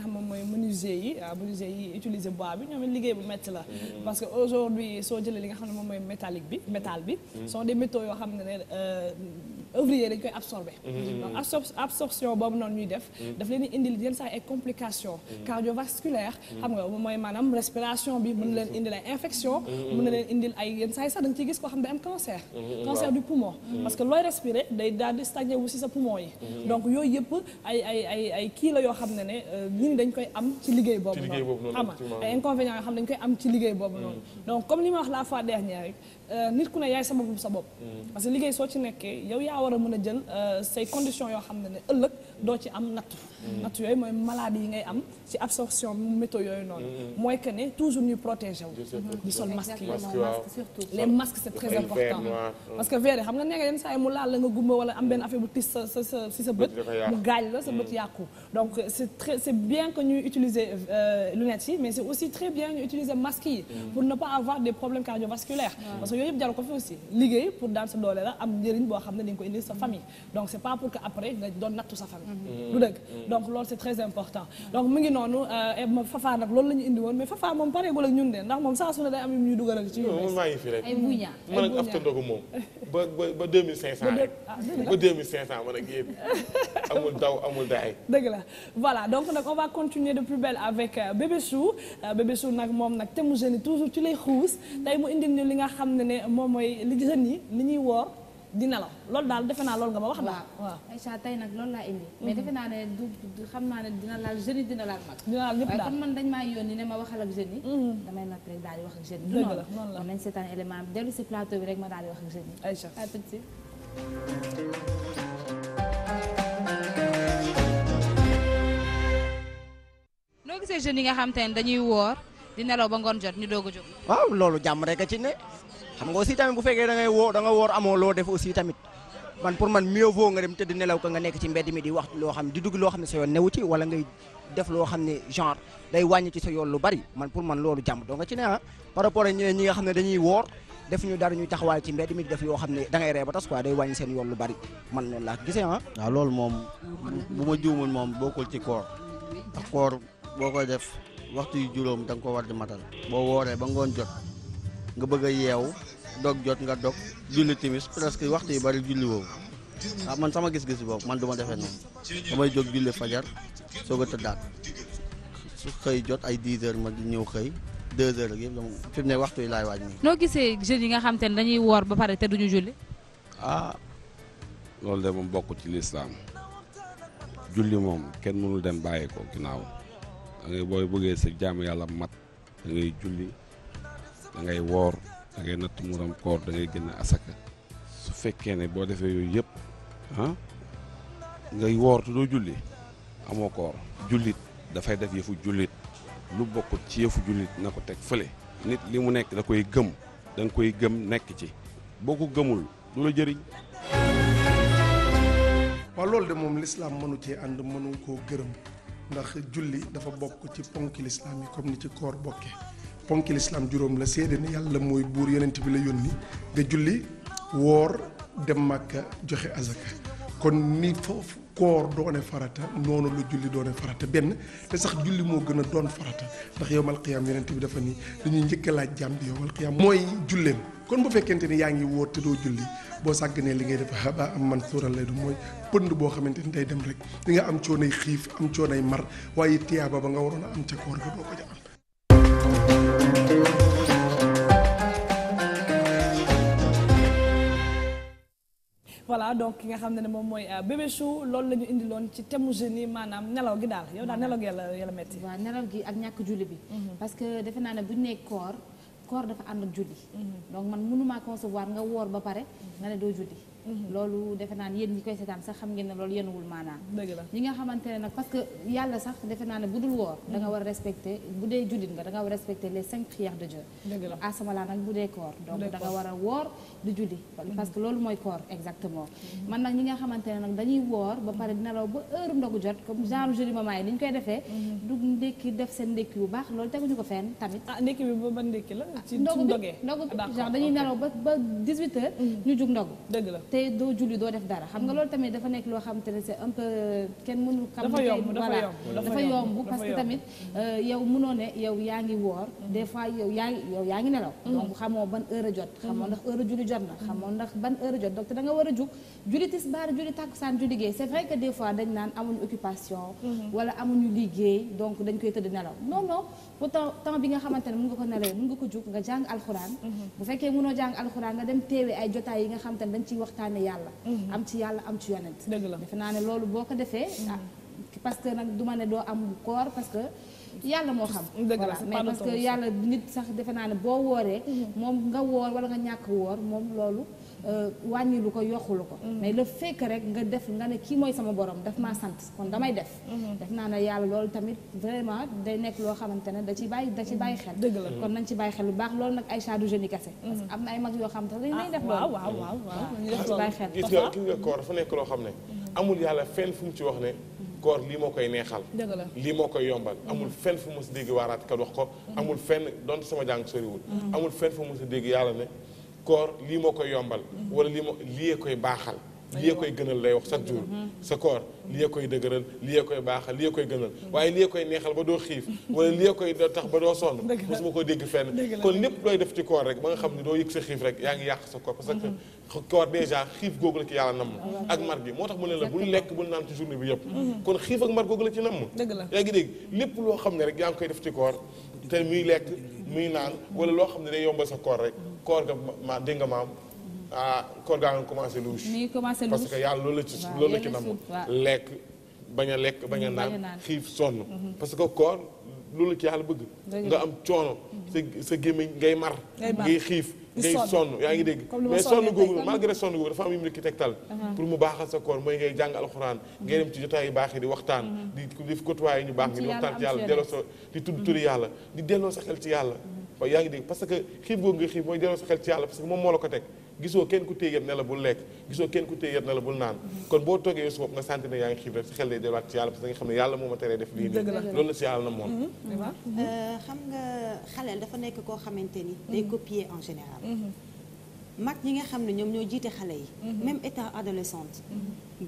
S1: xam moom mooy menuisier yi ah, menuisier yi utiliser bois bi ñoom liggéey bu métti la mm-hmm. parce que aujourd'hui soo jëlee nga xam ne moom mooy métallique bi métal bi sont des métaux yoo xam ne ne euh, ouvrier dañ koy absorbé mm-hmm. donc boobu noonu ñuy def mm-hmm. daf leen di indil yenn saa ay complications mm-hmm. cardiovasculaires xam nga mooy maanaam respiration bi mën na leen indil ay infection mën na leen indil ay yenn saa yi sax dañ nga gis koo xam ne day am cancer cancer du poumon parce que looy respiré day daal di stagné wu si sa poumon yooyu yëpp ay ay ay kii la yoo xam ne ne euh, nit dañ koy am ci liggéey boobu noonu xam nga ay xam ne koy am ci liggéey boobu noonu donc comme li ma wax la fois dernière rek Euh, nit ku ne yaay sababu sa bopp. Mm. parce que liggéey soo ci nekkee yow yaa war a mën a jël euh, say conditions yoo xam ne ne ëllëg doo ci am nattu. Mm. nattu yooyu mooy maladie yi ngay am ci absorption métaux yooyu noonu. Mm, mooy que ne toujours ñuy protéger wu. di sol masque yi les masques c' est très xam nga nee nga yenn saa yi mu laal la nga gumba wala am bu tis sa la sa bët yàqu. donc c' bien que ñuy utiliser euh, lunettes yi mais c' aussi très bien ñu utiliser masques yi. pour ne pas avoir des problèmes cardiovasculaires. que yooyu jaru ko fi aussi liggéey pour daan sa doole la am njëriñ boo xam ne dañ ko indi sa famille donc c'est pas pour que après nga doon nattu sa famille mm-hmm. mm-hmm. donc mu ngi noonu euh, moom nag loolu la indi woon mais Fafa moom pareegul ak ñun de ndax moom saa su ne day am yu ñuy dugal ak ci maa ngi man ak afta ndogu
S3: ah, amul daw amul daay
S1: dëgg la voilà donc nag on va continuer de plus belle avec euh, Bébé Chou euh, Bébé Chou nag moom nag te mu jeune toujours ci ne moom mooy li jeunes yi li ñuy woor di la loolu daal defe naa lool nga ma wax daal
S8: waaw Aïcha tey nag loolu laa indi mhm. mais defe naa ne du xam naa ne dina laal jeunes dina laal mag dina laal ñëpp daal waaye dañ maa yónni ne ma waxal ak jeunes yi mhm. damay nag rek daal di wax ak jeunes yi du noonu la nañ seetaan élément bi dellu si plateau bi rek ma daal di wax ak jeunes yi Aïcha à tout de suite noo gisee jeunes yi nga xam te ne dañuy woor di nelaw ba ngoon jot ñu doog a jóg
S7: waaw loolu jàmm rek a ci ne xam nga aussi tamit bu fekkee da ngay woo da nga woor amoo loo def aussi tamit man pour man mieux vaut nga dem tëdd nelaw ko nga nekk ci mbedd mi di wax loo xam ne dugg loo xam ne sa yoon newu ci wala ngay def loo xam ne genre day wàññi ci sa yoon lu bari man pour man loolu jàmm doo ci ne ah nga xam ne dañuy woor def ñu dara ñuy taxawaay ci mbedd mi di def yoo xam ne da ngay ree ba tas quoi day wàññi seen yoon lu bari man noonu laa gisee ah. waaw loolu moom bu ma juumul moom boo bokkul ci koor ndax koor boo koy def
S13: waxtu yu juróom danga nga ko war di matal boo wooree ba ngoon jot nga bëgg a yeew dog jot nga dog julli timis presque waxtu yi bari julli woowu ah man sama gis-gis boobu man du ma defee noonu damay jóg julli fajar soog a tëddaat su xëy jot ay 10 heures ma ñëw xëy 2 heures ak yëpp ne waxtu yi waañ wàññi.
S8: noo gisee jeunes yi nga xam te ne dañuy woor ba pare te duñu julli.
S4: ah loolu de moom bokk ci lislaam julli moom kenn mënul dem bàyyi ko ginnaaw da ngay booy bëggee sa jaamu yàlla mat da ngay julli da ngay woor. da ngay natt muuram koor da ngay génn asaka su fekkee ne boo defee yooyu yëpp ah ngay woor te julli amoo koor jullit dafay def yëfu jullit lu bokkut ci yëfu jullit na ko teg fële nit li mu nekk da koy gëm da koy gëm nekk ci boo ko gëmul du la jëriñ
S9: waaw loolu de moom lislaam mënu cee ànd mënu koo gërëm ndax julli dafa bokk ci ponk lislaam yi comme ni ci koor bokkee ponki lislaam juróom la seede ne yàlla mooy buur yonent bi la yónni nga julli woor dem màkka joxe azaka kon ni foofu koor doone farata noonu la julli doone farata benn te sax julli moo gën a doon farata ndax yowmal qiyaam yonent bi dafa nii dañuy njëkk a laaj jàmm bi yowmal qiyaam mooy julleem kon bu fekkente ni yaa ngi woor te doo julli boo sàgg nee li ngay def haba am man suural lay du mooy pënd boo xamante ni day dem rek di nga am coonay xiif am coonay mar waaye tiyaaba ba nga waroon a am ca
S1: voilà donc ki nga xam ne moom mooy euh, bébé chou
S8: loolu la ñu indiloon ci temu mu jeunes maanaam nelaw gi daal yow daal nelaw gi yàlla yàlla metti waaw nelaw gi ak ñàkk julli bi. Mhm. parce que defe naa ne bu ñu nee koor koor dafa ànd ak julli. Mhm. donc man mënumaa concevoir nga woor ba pare nga ne doo julli. Mhm. loolu defe naa ne yéen ñi koy seetaan sax xam ngeen ne loolu yenuwul maanaam ñi nga xamante ne nag parce que yàlla sax defe naa ne bu dul woor da mhm. war a respecté bu dee jullit nga da nga war a respecté les cinq prières de Dieu asamala nag bu dee koor donc da nga war a woor di julli mhm. parce que loolu mooy koor exactement man nag ñi nga xamante ne nag dañuy woor ba pare dina ba heure ndogu jot comme genre jeudi maman yi ni ñu koy defee du ndékki def seen ndékki bu baax loolu teguñu ko fenn tamit ah ndékki bi ba ban ndékki la ci ndogee ndogu genre dañuy nelaw ba ba 18 heures ñu jug ndogu dëgg la te doo julli doo def dara xam nga loolu tamit dafa nekk loo xamante ne c'est un peu kenn mënu xam voilà dafa yomb parce que tamit euh, yow mënoo ne yow yaa ngi woor mm-hmm. des fois yow yaa ngi yow yaa ngi nelaw mm-hmm. donc xamoo ban heure a jot xamoo ndax mm-hmm. heure a julli jot na xamoo ndax ban heure a jot donc te da nga war a jug julli tisbaar julli tàkkusaan julli géey c'est vrai que des fois dañ naan amuñu occupation mhm. wala amuñu liggéey donc dañ koy tëdd nelaw non non pourtant temps bi nga xamante ne mun nga ko nelawee mun nga ko jug nga jàng alxuraan mhm. bu fekkee munoo jàng alxuraan nga dem teewee ay jotaay yi nga xamante ne dañ ciy waxtaane yàlla mhm. am ci yàlla am ci yonent dëgg la defe naa ne loolu boo ko defee ah, parce que nag du ma ne doo am koor parce que yàlla moo xam voilà mais parce que yàlla nit sax defe naa ne boo wooree moom nga woor wala nga ñàkk woor moom loolu Euh, wàññilu ko yokkulu ko mm. mais la fait que rek nga def nga ne kii mooy sama borom daf maa sant kon damay def mm-hmm. def naa ne yàlla loolu tamit vraiment day nekk loo xamante ne da ci bàyyi da ci bàyyi xel dëgg la kon nañ ci bàyyi xel lu baax loolu nag ay chadu jeune yi mm-hmm. am na ay mag yoo xam te dañ lay ah, def loolu waaw waaw waaw ci bàyyi
S3: xel loo xam ne mm-hmm. amul yàlla fenn fu mu ci wax ne koor lii moo koy neexal lii moo koy yombal amul fenn fu mu mës a dégg waaraat kat wax ko amul fenn donte sama jàng soriwul amul fenn fu mu mës a dégg yàlla ne koor lii moo koy yombal wala lii moo lii koy baaxal lii koy gënal lay wax chaque jour sa koor lii koy dëgëral lii koy baaxal lii koy gënal mm-hmm. waaye lii koy neexal ba doo xiif wala lii koy tax ba doo sonn mosuma ko dégg fenn kon lépp looy def ci koor rek ba nga xam ne doo yëg sa xiif rek yaa ngi yàq sa koor parce que mm-hmm. koor dèjà xiif googu la ci yàlla nam mm-hmm. ak mar gi moo tax mu ne la bul lekk bul naan ci journée bi yëpp kon xiif ak mar googu la ci namm yaa ngi lépp loo xam ne rek yaa ngi koy def ci koor te muy muy naan wala loo xam ne day yombal sa koor rek koor ga ma dégg nga maam mhm. ah koor gaa nga commencé louche parce que yàlla loolu la ci loolu la ci nam lekk bañ a lekk bañ a mhm, naan xiif sonn mhm. parce que koor loolu la ci yàlla bëgg nga am coono sa sa gémmiñ ngay mar ngay xiif ngay sonn yaa ngi dégg mais sonn googu malgré sonn googu dafa am yu mu ki tegtal uh-huh. pour mu baaxal sa koor mooy ngay jàng alxuraan uh-huh. ngay dem ci jotaay baax yi di waxtaan uh-huh. di def côtoyer ñu baax ngi di waxtaan ci yàlla delloo sa di tudd turi yàlla di delloo sa xel ci yàlla waaye yaa ngi dégg parce que xiif googu nga xiif mooy delloo sa xel ci yàlla parce que moom moo la ko teg gisoo kenn ku téye ne la bul lekk gisoo kenn ku téye ne la bul naan kon boo toogee su nga sant yaa ngi xiif rek sa xel day delluwaat ci yàlla parce que nga xam ne yàlla moo ma teree def lii nii loolu si yàlla na moom mhm.
S12: mhm.
S6: euh, xam nga xaleel dafa nekk koo xamante ni day mhm. copier en général mag ñi nga xam ne ñoom ñoo jiite xale yi même état adolescente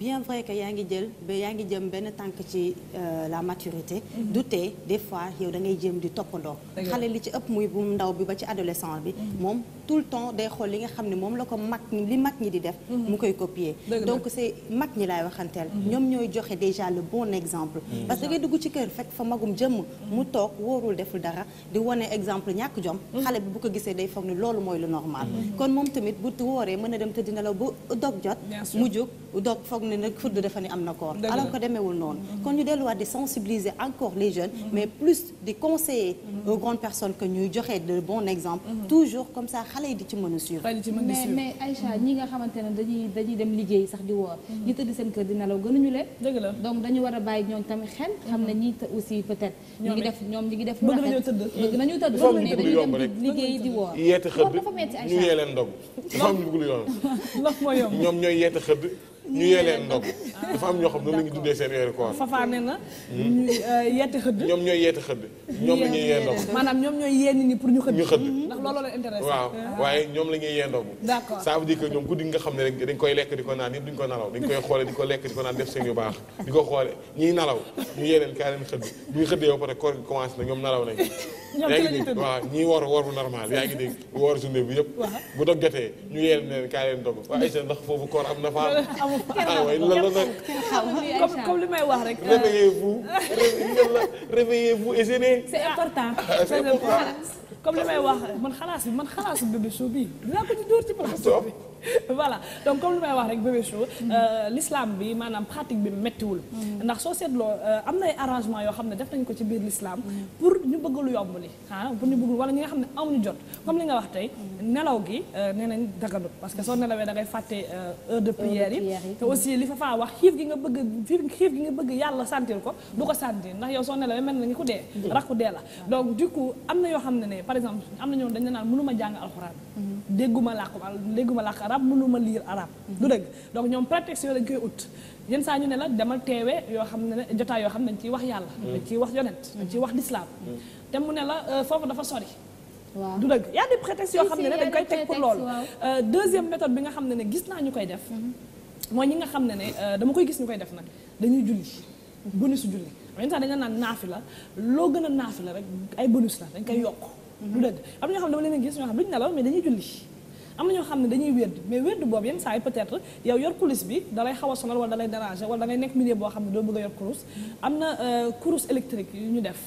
S6: bien vrai que yaa ngi jël ba yaa ngi jëm benn tànk ci euh, la maturité mm-hmm. du tee des fois yow da ngay jëm di toppandoo xale li ci ëpp muy bu ndaw bi ba ci adolescent bi mm-hmm. moom tout le temps day xool li nga xam ne moom la ko mag li mag ñi di def mm-hmm. mu koy copier donc c'est mag ñi laay waxanteel mm-hmm. ñoom ñooy joxe déjà le bon exemple mm-hmm. parce que da ngay dugg kër fekk fa magum jëmm mu toog wóorul deful dara di wane exemple ñàkk jom xale bi bu ko gisee day foog ni loolu mooy lu normal kon moom tamit bu wooree mën a dem tëdd nelaw bu dog jot mu jóg dog foog ne nag fudd dafa ni am na koor alors que demeewul noonu kon ñu delluwaat di sensibiliser encore les jeunes mais plus di conseiller aux grandes personnes que ñuy joxe de bon exemple toujours comme ça xale yi di ci mën a suivre mais mais
S8: Aïcha ñi nga xamante ne dañuy dañuy dem liggéey sax di woor mm-hmm. ñi tëdd seen kër di nelaw gënuñu leen donc dañu war a bàyyi ñoom tamit xel xam ne mm-hmm. ñi aussi peut-être ñi ngi def ñoom ñi ngi def bëgg nañu tëdd bëgg nañu tëdd mais dañu dem liggéey di woor yeete xëdd ñu yee leen
S3: ndog (laughs) ñoom ñooy yeete xëdd ñu yee leen ndog dafa am ñoo xam ne la ñu tuddee seen weeru koor
S1: fafa ne na
S3: hmm? ñu euh, yeete xëdd ñoom ñooy yeete xëdd
S1: ñoom la ñuy yee ndog maanaam ñoom ñooy yee nit ñi pour ñu xëdd ñu xëdd hmm? ndax looloo leen intéressé waaw euh.
S3: waaye ñoom la ñuy yee ndog d'accord ça veut dire que ñoom guddi nga xam ne rek dañ koy lekk di ko naan yëpp duñ ko nalaw dañ koy xoole di ko lekk di ko naan def seen yu baax di ko xoole ñiy nalaw ñu yee leen kaay leen xëdd bu ñu xëddee ba pare koor gi commencé na ñoom nalaw nañ ñoom waaw ñii woor woor bu normal yaa ngi dégg woor journée bi yëpp bu dog jotee ñu yeel ne kaay leen dog waaw Aïcha ndax foofu koor am na ah, la nag
S12: comme
S1: comme li c'est ah, important comme li may wax man xalaas man xalaasu bébé show bi dinaa ko ci dóor ci (laughs) voilà donc comme lu may wax rek bébé chou mhm. euh, l'islam bi maanaam pratique bi méttiwul mhm. ndax soo seetloo euh, am na ay yoo xam ne def nañ ko ci biir l'islam mhm. pour ñu bëgg lu yomb li ah wala ñi nga xam ne amuñu jot comme li nga wax tey nelaw gi euh, nee nañ daganut parce que soo nelawee da ngay fàtte heure de prière yi te aussi li fa faa wax xiif gi nga bëgg xiif gi nga bëgg yàlla sentir ko du ko sentir ndax yow soo nelawee mel na nga ko dee rakku dee na yoo xam ne ne par exemple am na ñoo naan mënuma jàng alxuraan dégguma làkku dégguma làkk arab mënuma lire arab du dëgg donc ñoom prétexte yooyu dañ koy ut yenn saa ñu ne la demal teewe yoo xam ne jotaay yoo xam ne dañ ciy wax yàlla mm. dañ ciy wax yonent dañ wax lislaam mm. te mu ne la euh, foofu dafa sori waaw du dëgg y a des yoo xam ne ne dañ koy teg pour loolu euh, deuxième méthode bi nga xam ne ne gis naa ñu koy def mm-hmm. mooy ñi nga xam ne ne euh, dama koy gis ñu koy def nag dañuy julli bonus mm-hmm. julli yenn saa dañ la naan naafi la loo gën a naafi la rek ay bonus la dañ koy yokk mm-hmm. du dëgg am ñoo xam ne dama leen gis ñoo xam duñ nelaw mais dañuy julli am na ñoo xam ne dañuy wérd mais wérd boobu yenn saa yi peut être yow yor coulisse bi dalay xaw a sonal wala dalay déranger wala dalay nekk milieu boo xam ne doo bëgg a yor coulisse am na euh, coulisse électrique yu ñu def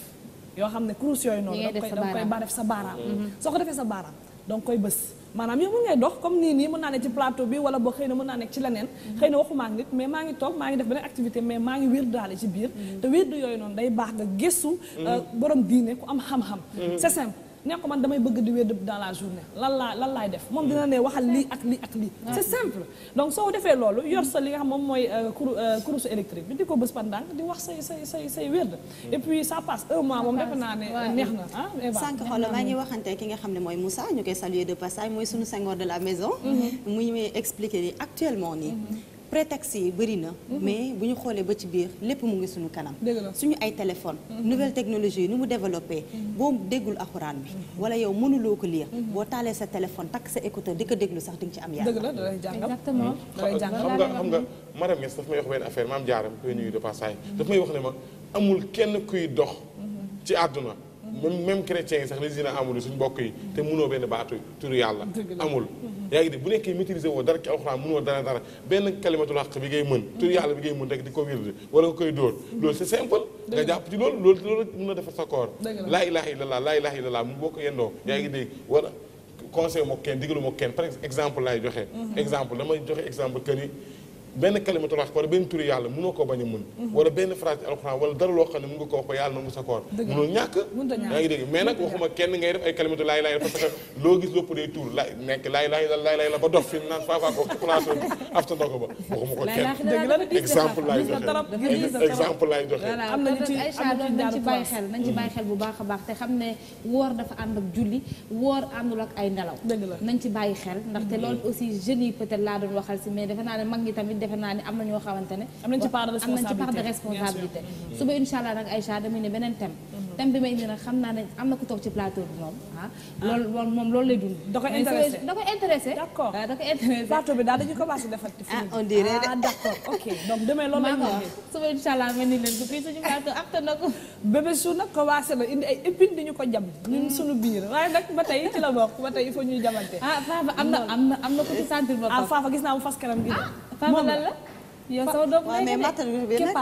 S1: yoo xam ne coulisse yooyu noonu da nga koy ba def sa baaraam mhm. soo sa baaraam donc koy bës maanaam yow mu comme nii nii mën naa ne ci plateau bi na mën naa nekk ci na waxuma ak nit maa ngi maa ngi def beneen activité mais maa ngi wér daale biir mhm. te wér yooyu noonu day baax nga gëstu mhm. euh, borom diine ku am xam-xam c'est simple ne ko man damay bëgg di wedd dans la journée lan laa lan laay def moom dina ne waxal lii ak lii ak lii c'est simple donc soo defee loolu yor sa li nga xam moom mooy euh, euh, course électrique
S6: bi di ko bés pandànk di wax say say say say wedd et puis ça passe un moom defe naa ne neex na ah sànq xoola maa ngi waxante ki nga xam ne mooy Moussa ñu koy saluer de passage mooy suñu Senghor de la maison muy mm-hmm. muy expliquer yi actuellement nii mm-hmm. prétexte yi bëri na. Mhm. mais bu ñu xoolee ba ci biir lépp mu ngi suñu kanam. suñu ay téléphone mhm. nouvelle technologie yi ni mu développé. Mhm. boo déggul alxuraan bi. wala yow mënuloo ko lire. boo taalee sa téléphone takk sa écouteur di ko déglu sax di ci am yàlla. dëgg la da lay jàngal xam nga xam nga
S3: madame Niass daf may wax benn affaire maam jaaram koy nuyu de passage daf may wax ne ma amul kenn kuy dox ci àdduna. même même chrétiens yi sax na amul suñ mbokk yi te mënoo benn baatu turu yàlla amul mhm. yaa ngi de bu nekkee maîtriser woo dara ci alxuraan dara dara benn kalimatul xaq bi ngay mën turu yàlla bi ngay mën rek di ko wirde wala nga koy dóor mhm. loolu c'est simple nga jàpp ci loolu loolu loolu mën na defar sa koor laa ilaha illallah laa ilaha illallah mu boo ko yendoo yaa ngi dégg wala conseil moo kenn digalu moo kenn par exemple laay joxe mhm. exemple damay joxe exemple kër benn kalimatul xaq wala benn turi yàlla mënoo koo bañ a mën mhm. wala benn phrase alxuraan wala dara loo xam ne mun nga ko wax ko yàlla nangu sa koor mënul ñàkk laay laay la ba dox fi naan faafaa ko plateau af ta ndoko ba waxuma ko kenn exemple laay joxe
S8: nañ ci bàyyi xel nañ ci bàyyi xel bu baax a baax te xam ne woor dafa ànd ak julli woor àndul ak ay nelaw nañ ci bàyyi xel ndaxte loolu aussi jeunes yi laa doon waxal si mais defe naa defe naa ne am na ñoo xamante ne am nañ ci part de responsabilité suba in allah nag Aïcha damay ne beneen tem thème bi may indi nag xam naa ne am na ku toog ci plateau bi moom ah. ah. loolu moom loolu da koy intéressé ah, da koy intéressé. d' d' accord ok donc la ñu sama hmm. ah,
S1: doom lay mais matal bi nag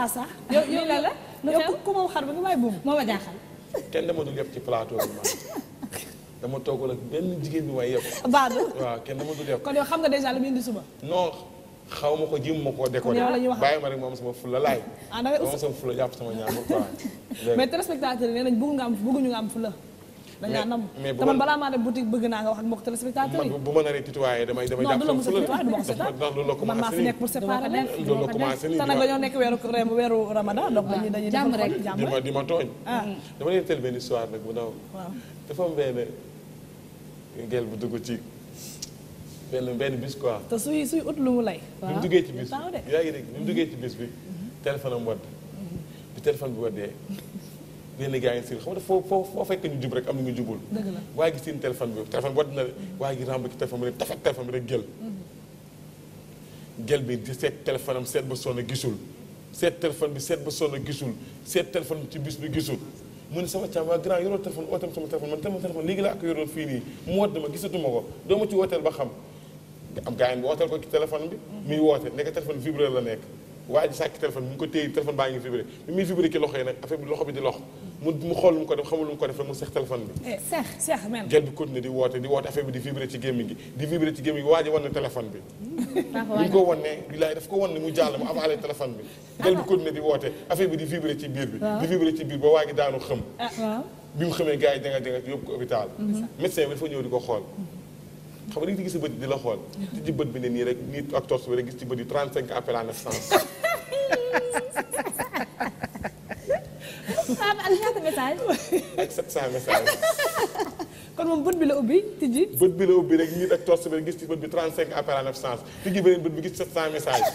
S1: la la. yow ku ma xar ba nga may buum moo ma jaaxal.
S3: kenn dama dul yëpp ci plateau bi ma dama toogul ak benn jigéen bi may yëpp. Badou waaw kenn dama dul yëpp. kon
S1: yow xam nga déjà lu muy indi suba.
S3: non xaw ma ko jim ma koo décoder. bàyyi ma rek moom sama fula laay. ah da moom sama fula jàpp sama ñaar quoi. (laughs) mais
S1: téléspectateur yi nee nañ bëgg nga am bëgguñu dañ naa nam dama balaa maa dem boutique bëgg naa nga wax ak mbokk téléspectateur yi bu ma naree
S3: tutoyé damay damay jàpp non du la ma man maa nekk pour séparer leen te nag dañoo nekk weeru
S1: weeru ramadan donc ah. dañuy dañuy di ma tooñ ah.
S3: dama leen teel benn histoire nag bu ndaw dafa benn gel bu dugg ci benn benn bis quoi te
S1: suy suy ut lu mu lay bi mu duggee ci bis bi yaa ngi dégg bi bis bi mm-hmm.
S3: téléphone am wadd mm-hmm. bi téléphone bi yenn gaa yi si xam nga foo foo foo fekk ñu jub rek am na ñu jubul waaye gi seen téléphone bi téléphone bi wadd rek tafat téléphone bi gël mm-hmm. gël bi di seet téléphone am seet ba sonn gisul seet téléphone bi seet ba sonn gisul seet téléphone ci bis bi gisul mu ne sama càmm waa grand yoroo téléphone ootam sama téléphone man sama téléphone léegi fii nii mu wat dama ko doo ma ci ba xam am gars yi ko ci bi mm-hmm. muy woote nekk téléphone vibreur la nekk waa ji sàkk téléphone mu ko téye téléphone baa ngi vibré bi muy vibré ki loxo yi nag affaire bi loxo bi di loxo mu mu xool lu mu ko def xamul mu ko def rek mu seex téléphone bi.
S1: Eh, seex seex même.
S3: jël bi continuer di woote di woote affaire bi di vibrer ci gémmiñ gi di vibrer ci gémmiñ gi waa ji wan na bi. waaw ñu ko wan ne bilaay daf ko wan ne mu jàll mu amaale téléphone bi. Ah, jël bi continuer di woote affaire bi di vibrer ci biir bi. di vibrer ci biir ba waa ji daanu ah, bi mu xamee gars yi janga janga yóbbu ko hôpital. Mm-hmm. Mm-hmm. médecin bi dafa ñëw di ko xool. Mm-hmm. xam nga dañu gis bët di la xool. ci bët bi ne nii rek nii ak tors bi rek gis ci bët yi 35 appels en absence (laughs)
S8: message.
S3: ak 700 messages. kon moom bët bi la ubbi tijji. bët bi la ubbi rek nit ak torse bi rek gis ci bët bi 35 appels en absence tijji beneen bët bi gis 700 messages.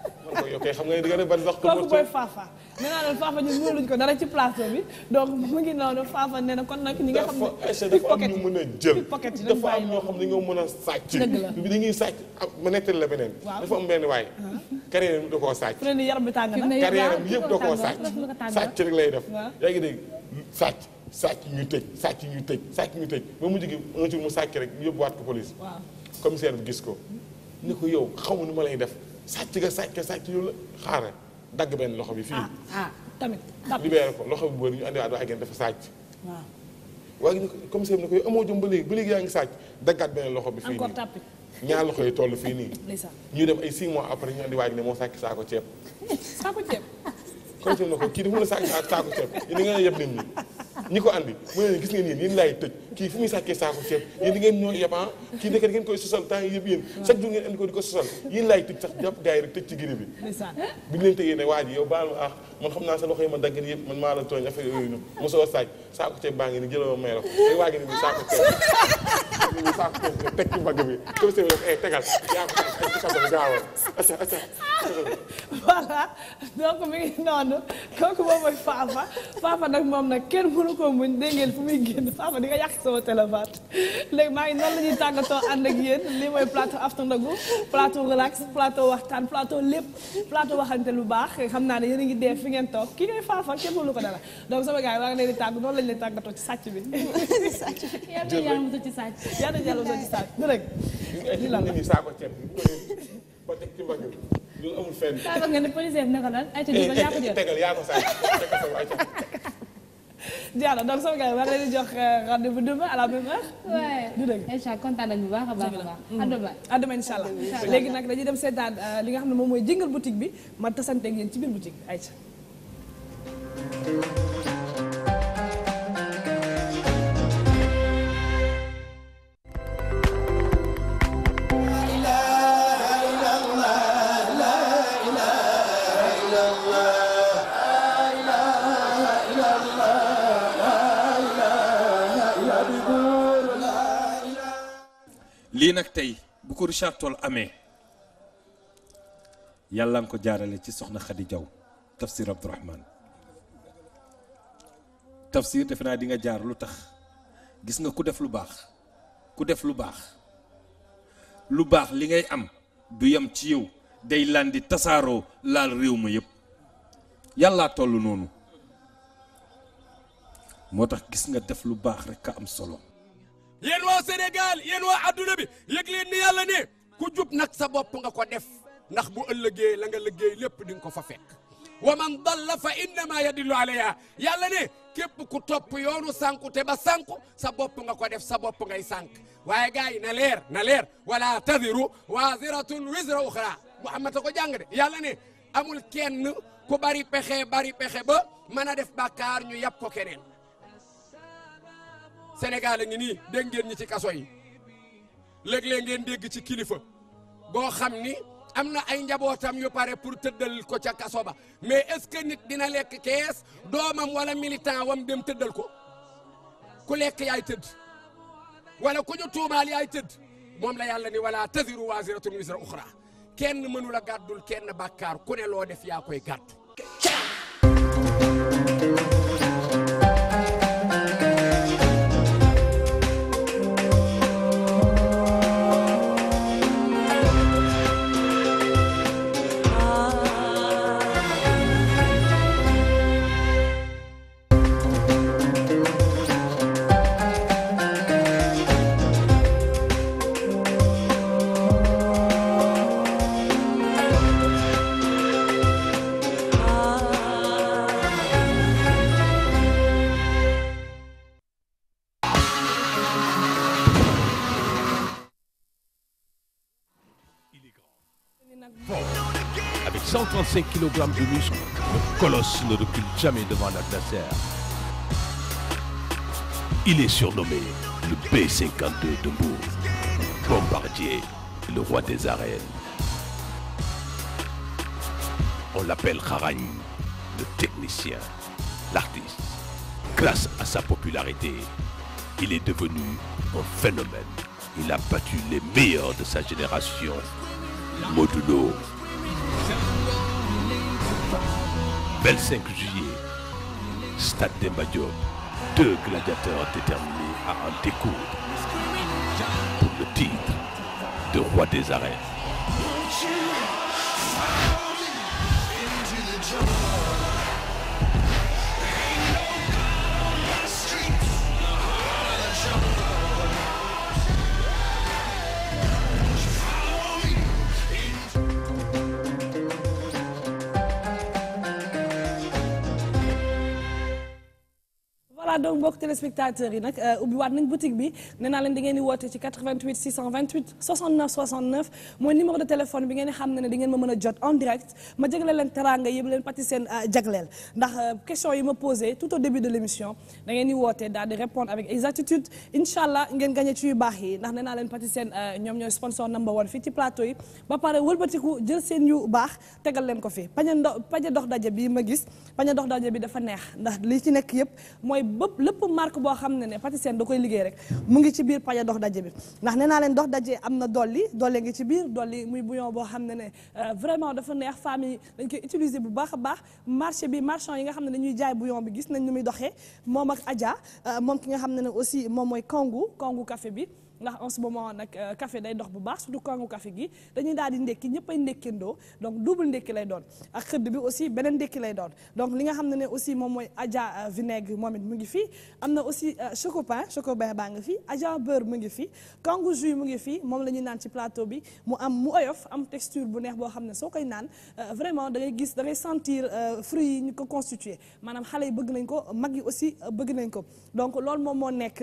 S3: (laughs) ok xam nga ne di nga def ba sax. kooku booy
S1: faafa. nee naa leen Fafa ci plateau bi donc mu ngi noonu nee na kon nag ñi nga xam ne pickpocket yi dafa am ñoo xam ne ñoo mën a sàcc. dëgg la dañuy
S3: sàcc ah, ma nettali la beneen. dafa am benn waay. Ah. carrière bi da koo sàcc. fu
S1: ne nii yaram bi tàng na bi
S3: yëpp da koo sàcc. sàcc rek lay def. yaa ngi dégg sàcc. ñu tëj sàcc ñu tëj sàcc ñu tëj ba mu gi un jour mu sàcc rek waat ko police. commissaire bi gis ko ni ko yow xamu nu ma lay def sàcc nga sàcc sàcc yow la xaaral dagg benn loxo bi fii. ah,
S12: ah tamit libéré ko
S3: loxo bi bu wér ñu andiwaat waaye ngeen dafa sàcc. waaw. waaye comme sëñ bi ne ko amoo jom ba léegi ba léegi yaa ngi sàcc daggaat benn loxo bi. fii
S12: nii
S3: ñaar loxo yi toll fii nii. ñu dem ay 6 mois après ñu andi waaj ne moo sàcc saako ceeb.
S1: (laughs) ko ceeb.
S3: comme sëñ bi ne ko kii dafa mën a sàcc saako ceeb ni nga yeb nit ñi ñi ko andi mu ne gis ngeen yéen yéen laay tëj kii fu muy sàkkee saako ceeb yéen di ngeen ñoo yaban ah. kii nekk ngeen koy sosal temps yëpp yéen ah. chaque ah, sa loxo yi ma dagg yëpp man maa la tooñ affaire yooyu noonu mosoo saaj saako ceeb baa ngi ni jëloo may raf waa ngi ni bi saako ceeb teg ci mbagg bi eh, tegal yaa ko teg ci kabal gaawal asa asa
S1: ngi noonu kooku moom mooy Fafa Fafa nag moom nag kenn mënu mënu ko muñ dégg ngeen fu muy génn Fafa di nga yàq sama téléphone léegi maa ngi noonu la ñuy tàggatoo ànd ak yéen lii mooy plateau after ndogu relax plateau waxtaan plateau lépp plateau waxante lu baax xam naa ne yéen a ngi dee fi ngeen toog ki ngay Fafa kenn mënu ko dara donc sama gars yi maa ngi leen di tàgg noonu lañu bi. sàcc bi yàlla (laughs) na yàlla
S8: ci sàcc. yàlla na yàlla
S1: ci
S3: li la la saako ceeb ba teg ci mbagg bi amul
S1: ne policier bi ay (laughs)
S3: tegal ko jël
S1: jeex na donc sama gars yi war leen di jox euh, rendez-vous demain à la même heure. du dëgg incha allah kontaan nañu bu baax a baax a baax. à demain mm. à demain incha léegi nag dañuy dem seetaan euh, li nga xam ne moom mooy jingle boutique bi ma tasante ak yéen ci biir boutique bi ayca.
S4: lii nag tey bu ko Richard Toll amee yàlla nga ko jaarale ci soxna Khady Diaw tafsir Abdourahmane tafsir defe naa di nga jaar lu tax gis nga ku def lu baax ku def lu baax lu baax li ngay am du yem ci yow day landi tasaaroo laal réew ma yëpp yàllaa toll noonu moo tax gis nga def lu baax
S5: rekk ka am solo yéen wa Sénégal yéen waa adduna bi yëg leen ni yàlla ne ku jub nag sa bopp nga ko def ndax bu ëllëgee la nga liggéey lépp di nga ko fa fekk wa man dalla fa innama yadillu alayha yàlla ne képp ku topp yoonu sànku te ba sànku sa bopp nga ko def sa bopp ngay sànk waaye gars yi na leer na leer wala tadiru waziratun wizra ukhra Muhammad a ko jàng yàlla ne amul kenn ku bari pexe bari pexe ba mën a def bàkkaar ñu yàpp ko keneen Sénégal a ngi nii dégg ngeen ñi ci kaso yi léeg-léeg ngeen dégg ci kilifa boo xam ni am na ay njabootam yu pare pour tëddal ko ca kaso ba mais est-ce que nit dina lekk kees doomam wala militant wam dem tëddal ko ku lekk yaay tëdd wala ku ñu tuumaal yaay tëdd moom la yàlla ni wala taziru waziratun wizra uxra kenn mënula gàddul kenn bakkaar ku ne loo def yaa koy gàddu
S11: 5 kg de muscle, le colosse ne recule jamais devant l'adversaire. Il est surnommé le B-52 de Mbour. Bombardier, le roi des arènes. On l'appelle Kharagne, le technicien, l'artiste. Grâce à sa popularité, il est devenu un phénomène. Il a battu les meilleurs de sa génération. Modulo 25 juillet, Stade des Diop, deux gladiateurs déterminés à en découdre pour le titre de roi des arènes.
S1: voilà donc mbokk téléspectateurs yi nag euh, ubbiwaat nañ boutique bi di woote ci mooy numéro de téléphone bi ngeen xam ne ne di ma mën a jot en direct ma jagleel leen teranga yëpp leen pati seen euh, jagleel ndax euh, question yi ma posé tout au début de l' émission da ngeen di woote daal di avec exactitude incha allah ngeen gagné ci yu baax yi ndax nee leen pati seen ñoom ñooy sponsor number one fii ci plateau yi ba pare wëlbatiku jël seen yu baax tegal leen ko fi pañe dox daje bi ma gis pañe dox daje li ci nekk bëpp lépp marque boo xam ne ne pâtissier da koy liggéey rek mu ngi ci biir paja dox daje bi ndax nee naa leen dox daje am na dolli dolli ngi ci biir dolli muy bouillon boo xam ne ne euh, vraiment dafa neex famille dañ koy utiliser bu baax a baax marché bi marchand yi nga xam ne dañuy jaay bouillon bi gis nañ nu muy doxee moom ak Adja euh, moom ki nga xam ne ne aussi moom mooy kongu kongu kafe bi ndax en ce moment nag kafe euh, day dox bu baax surtout kangu café gi dañuy daal di ndékki ñëpp ay ndékkindoo donc double ndékki lay doon ak xëdd bi aussi beneen ndékki lay doon donc li nga xam ne ne aussi moom mooy aja euh, vinaigre moom it mu ngi fii am na aussi euh, chocopin chocopin baa ngi fii aja beurre mu ngi fii kangu jus mu ngi fii moom la ñuy naan ci plateau bi mu am mu oyof am texture bu neex boo xam ne soo koy naan vraiment da gis da ngay sentir fruit yi ñu ko constitué maanaam xale yi bëgg nañ ko mag yi aussi bëgg nañ ko donc loolu moom moo nekk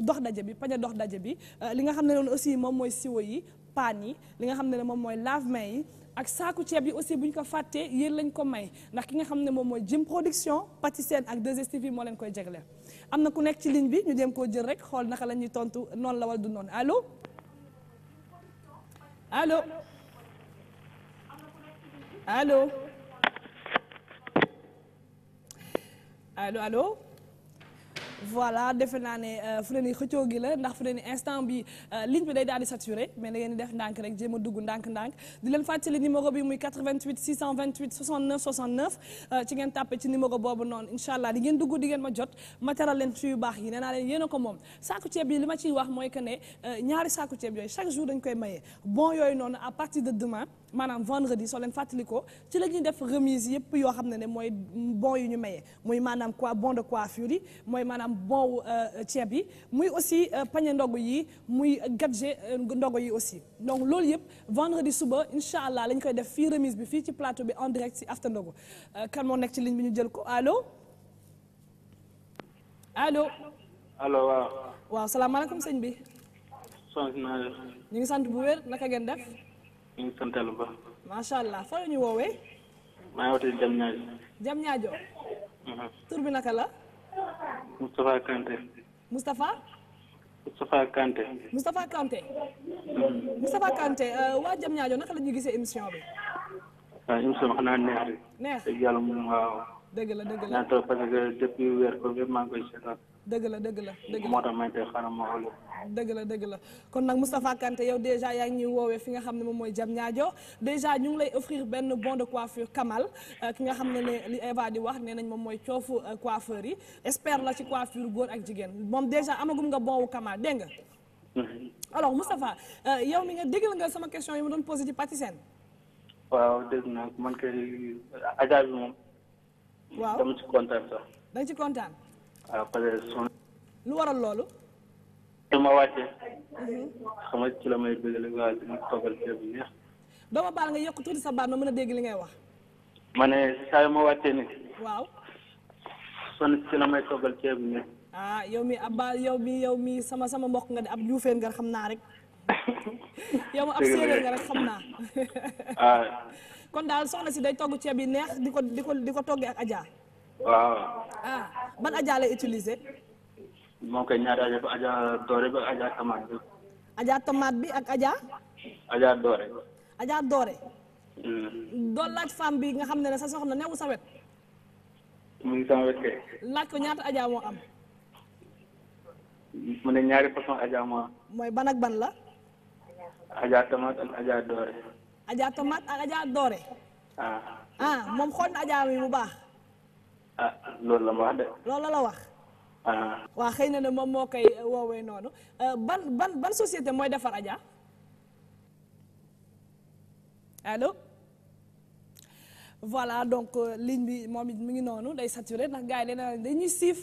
S1: dox daje bi paña dox daje bi bi euh, li nga xam ne noonu aussi moom mooy siwo yi paan yi li nga xam ne moom mooy lave-mains yi ak saaku ceeb yi aussi buñ ko fàttee yéen lañ ko may ndax ki nga xam ne moom mooy Jim Production Patisen ak 2STV moo leen koy jagle am na ku nekk ci ligne bi ñu dem koo jël rek xool naka la ñuy tontu noonu la wala du noonu allo allo allo allo allo. voilà defe naa ne euh, fu ne nii xëccoo gi la ndax fu ne nii instant bi euh, ligne bi day daal di mais da ngeen di def ndànk rek jéem a dugg ndànk-ndànk di leen fàttali numéro bi muy 88 628 69 69 ci ngeen tàppe ci numéro boobu noonu incha allah di ngeen dugg di ngeen ma jot ma teral leen ci yu baax yi nee leen yéen ko moom saaku ceeb yi li ma ciy wax mooy que ne euh, ñaari saaku ceeb yooyu chaque jour dañ koy maye bon yooyu noonu à partir de demain maanaam vendredi soo leen fàttalikoo ci la ñuy def remise yëpp yoo xam ne ne mooy bon yu ñu mayee muy maanaam quoi bon de coiffure yi mooy maanaam bon euh, ceeb yi muy aussi euh, pañe ndogu yi muy gadget euh, ndogu yi aussi donc loolu yëpp vendredi suba incha allah lañ koy def fii remise bi fii ci plateau bi en direct si after ndogu kan moo nekk ci ligne bi ñu jël ko allo allo. allo waaw. waaw salaamaaleykum sëñ bi.
S13: sant naa ñu
S1: ngi sant bu wér naka ngeen def.
S13: ñu ngi sant bu baax.
S1: macha allah foo ñu woowee.
S13: maa ngi wootee Jam Ñaajo.
S1: Jam Ñaajo. tur bi naka la.
S13: Moustapha Kanté. Moustapha. Moustapha Kanté. Moustapha
S1: Kanté. Mhm. Moustapha euh, waa Jam Ñaajo naka la ñuy gisee émission bi.
S13: waaw émission bi xanaa neex de. moom waaw.
S1: dëgg la dëgg la dëgg la dëgg la dëgg moo tax may tey xanaa ma xool. dëgg la kon nag Moustapha Kanté yow dèjà yaa ngi ñuy woowee fi nga xam ne moom mooy jam ñaajo dèjà ñu ngi lay offrir benn bon de coiffure Kamal euh, ki nga xam ne ne li Eva di wax nee nañ moom mooy coofu euh, coiffeur yi expert la ci coiffure góor ak jigéen moom dèjà amagum nga bon wu Kamal dégg nga. Mm-hmm. alors Moustapha euh, yow mi nga déggal nga sama question yi ma doon posé ci Patisen.
S13: waaw dégg naa man kay Adja bi moom. waaw dama ci kontaan sax. da ci kontaan. waaw ah, parce son lu waral loolu. su ma wàccee. Mhm. xam ci la may bëgg waaye dama toogal ceeb
S1: baal nga yokk tuuti sa baat ma mën a dégg li ngay wax.
S13: ma ne saa ma wàccee nii. waaw. son ci la may toogal ceeb bu
S1: ah yow mi abba yow mi yow mi sama sama mbokk nga de ab juufeen nga xam naa rek. (laughs) yow ma ab séeréer nga rek xam naa. Ah. (laughs) kon daal soxla si day togg ceeb yi neex di ko di ko di ko toggee ak aja waaw ah ban aja lay utiliser moom
S13: koy ñaari aja aja doore bi ak aja aja doore
S1: aja doore mm-hmm. laaj femme bi nga xam ne ne sa soxna newu sa wet
S13: mu ngi sama wet kay
S1: laaj ko ñaata aja moo am
S13: mu ne ñaari façon aja moo am
S1: mooy ban ak ban la
S13: aja tomate ak aja doore
S1: Adja Tomate ak Adja Doore. Ah. ah moom xool na Adja mi bu baax.
S13: ah loolu la ma de.
S1: loolu la wax. Ah. waa xëy na ne moom moo koy woowee noonu euh, ban ban ban mooy defar Adja allo. voilà donc euh, ligne bi moom it mi ngi noonu day saturé ndax gars yi dañuy dañuy siif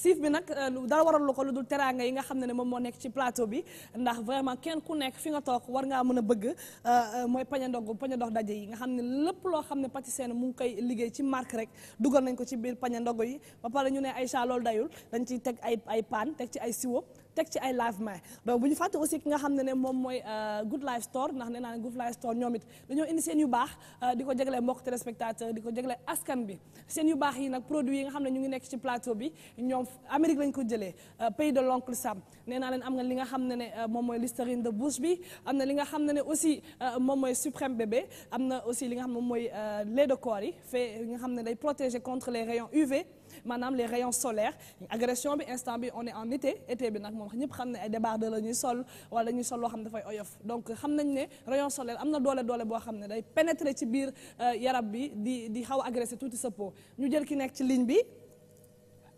S1: siif bi nag euh, dara waral lu ko lu dul teraanga yi nga xam ne ne moom moo nekk ci plateau bi ndax vraiment kenn ku nekk fi nga toog war ngaa mën a bëgg euh, mooy pañe ndog pañe ndox daje yi nga xam ne lépp loo xam ne pâtissier mu ngi koy liggéey ci marque rek dugal nañ ko ci biir pañe ndog yi ba pare ñu ne Aïcha loolu dayul dañ ciy teg ay ay paan teg ci ay siwo teg ci ay lave mains donc bu ñu fàtte aussi ki nga xam ne ne moom mooy euh, Good Life Store ndax nee naa ne Good Life Store ñoom it dañoo indi seen yu baax euh, di ko jagleel mbokk téléspectateur di ko jagleel askan bi seen yu baax yi nag produit yi nga xam ne ñu ngi nekk ci plateau bi ñoom Amérique lañ ko jëlee euh, pays de l'oncle Sam nee naa leen am nga li nga xam ne ne moom mooy Listerine de bouche bi am na li nga xam ne ne aussi moom mooy Suprême bébé am na aussi li nga xam moom mooy lait de corps yi fait nga xam ne day protéger contre les rayons UV maanaam les rayons solaire agression bi instant bi on est en été bi nag moom ñëpp xam ne ay débardeur la ñuy sol wala ñuy sol loo xam ne dafay oyof xam nañ ne rayon solaire am na doole doole boo xam ne day pénétrer ci biir euh, yaram bi di di xaw a agressé tuuti sa peau ñu jël ki nekk ci ligne bi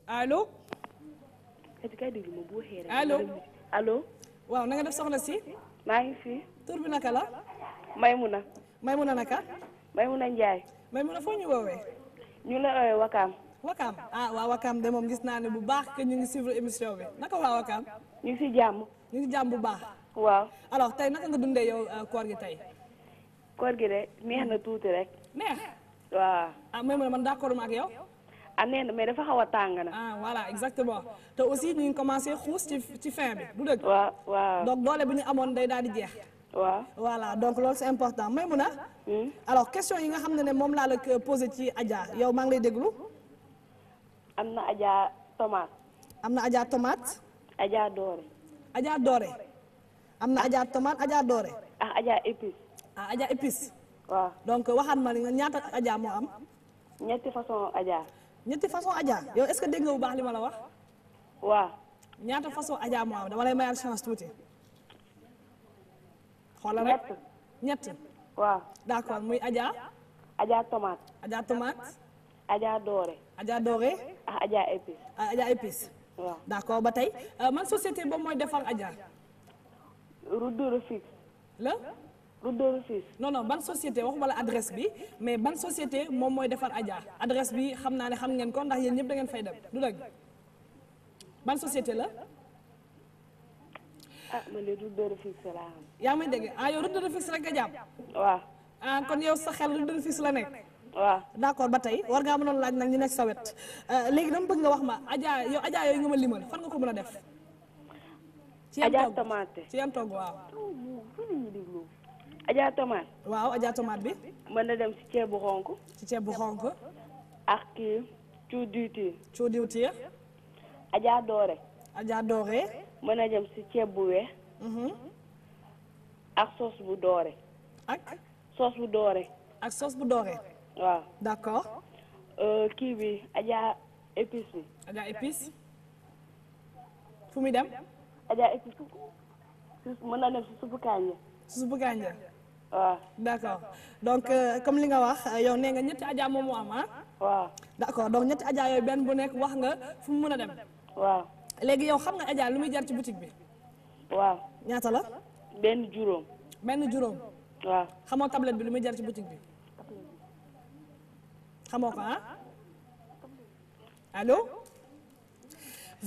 S1: allo. allo allo. waaw na nga def soxna si. maa ngi may tur bi naka la. Maymuna. Maymuna naka. Maymuna Ndiaye. Maymuna foo ñu woowee. ñu la woowee Wakaam. Wakaam ah waa Wakaam de moom gis naa ne bu baax ke ñu ngi suivre émission bi naka waa Wakaam. ñu ngi si jàmm. ñu ngi jàmm bu baax. waaw alors tey naka nga dundee yow euh, koor gi tey. koor gi de neex na tuuti rek. neex. waaw ah mooy man d'accord ma ak yow. ah nee na mais dafa xaw a tàng na. ah voilà exactement te aussi ñu ngi commencé xuus ci ci fin bi du dëgg. waaw waaw donc doole bi ñu amoon day daal di jeex. waa voilà donc loolu c'est important Maimouna. Hmm? alors question yi nga xam ne ne moom laa la euh, posé ci Adja yow maa ngi lay déglu. am na Adja tomate. am na Adja tomate. Adja doore. Adja doore. am na Adja tomate Adja doore. ah Adja épice. ah Adja épice. waaw donc waxaat ma ne ñaata Adja moo am. ñetti façon Adja. ñetti façon Adja yow est-ce que dégg nga bu baax li ma la wax. waaw. ñaata façon Adja moo am dama lay mayal chance tuuti. xoolal rek ñett ñett. waaw d'accord muy Adja. Adja tomate. Adja tomate. Adja Doré. Adja Doré. ah Adja Épice. ah Épice. waaw d' accord ba tey euh, man société boobu mooy defar Adja. Roudeur Fils. la. Roudeur ban société waxuma la adresse bi mais ban société moom mooy defar Adja adresse bi xam naa ne xam ngeen ko ndax yéen ñëpp da ngeen fay dem du dëgg ban société la. ah man de Roudeur Fils laa yaa ngi may dégg ah yow Roudeur Fils rek nga jàpp. waaw ah, kon yow sa xel Roudeur Fils la nekk. waaw d'accord ba tey war ngaa mënoon laaj nag ñu nekk sa wet euh, léegi dama bëgg nga wax ma Adja yow Adja yooyu nga ma limal fan nga ko mën a def. Adja tomate ci yan togg waaw. Adja tomate. bi. mën na dem ci ceeb bu xonk. ci ceeb bu xonk. ak kii cu diwtiir. cu diwtiir. Adja doore. Adja doore. mën na dem ci ceeb bu weex. Mhm. ak sos bu doore. ak sos sos bu doore. waaw d' accord. Euh, kii bi ajaa épice bi. Adja épice. fu muy dem. Adja épice mën naa dem si suppu kanja. bu suppu kanja. waaw d' donc euh, comme li nga wax euh, yow nee nga ñetti ajaa moom moo am ah. waaw d' accord donc ñetti Adja yooyu benn bu nekk wax nga fu mu mën a dem. waaw léegi yow xam nga ajaa lu muy jar ci boutique bi. waaw ñaata la. benn juróom. benn juróom. waaw xamoo tablette bi lu muy jar ci boutique bi. xamoo ko ah allo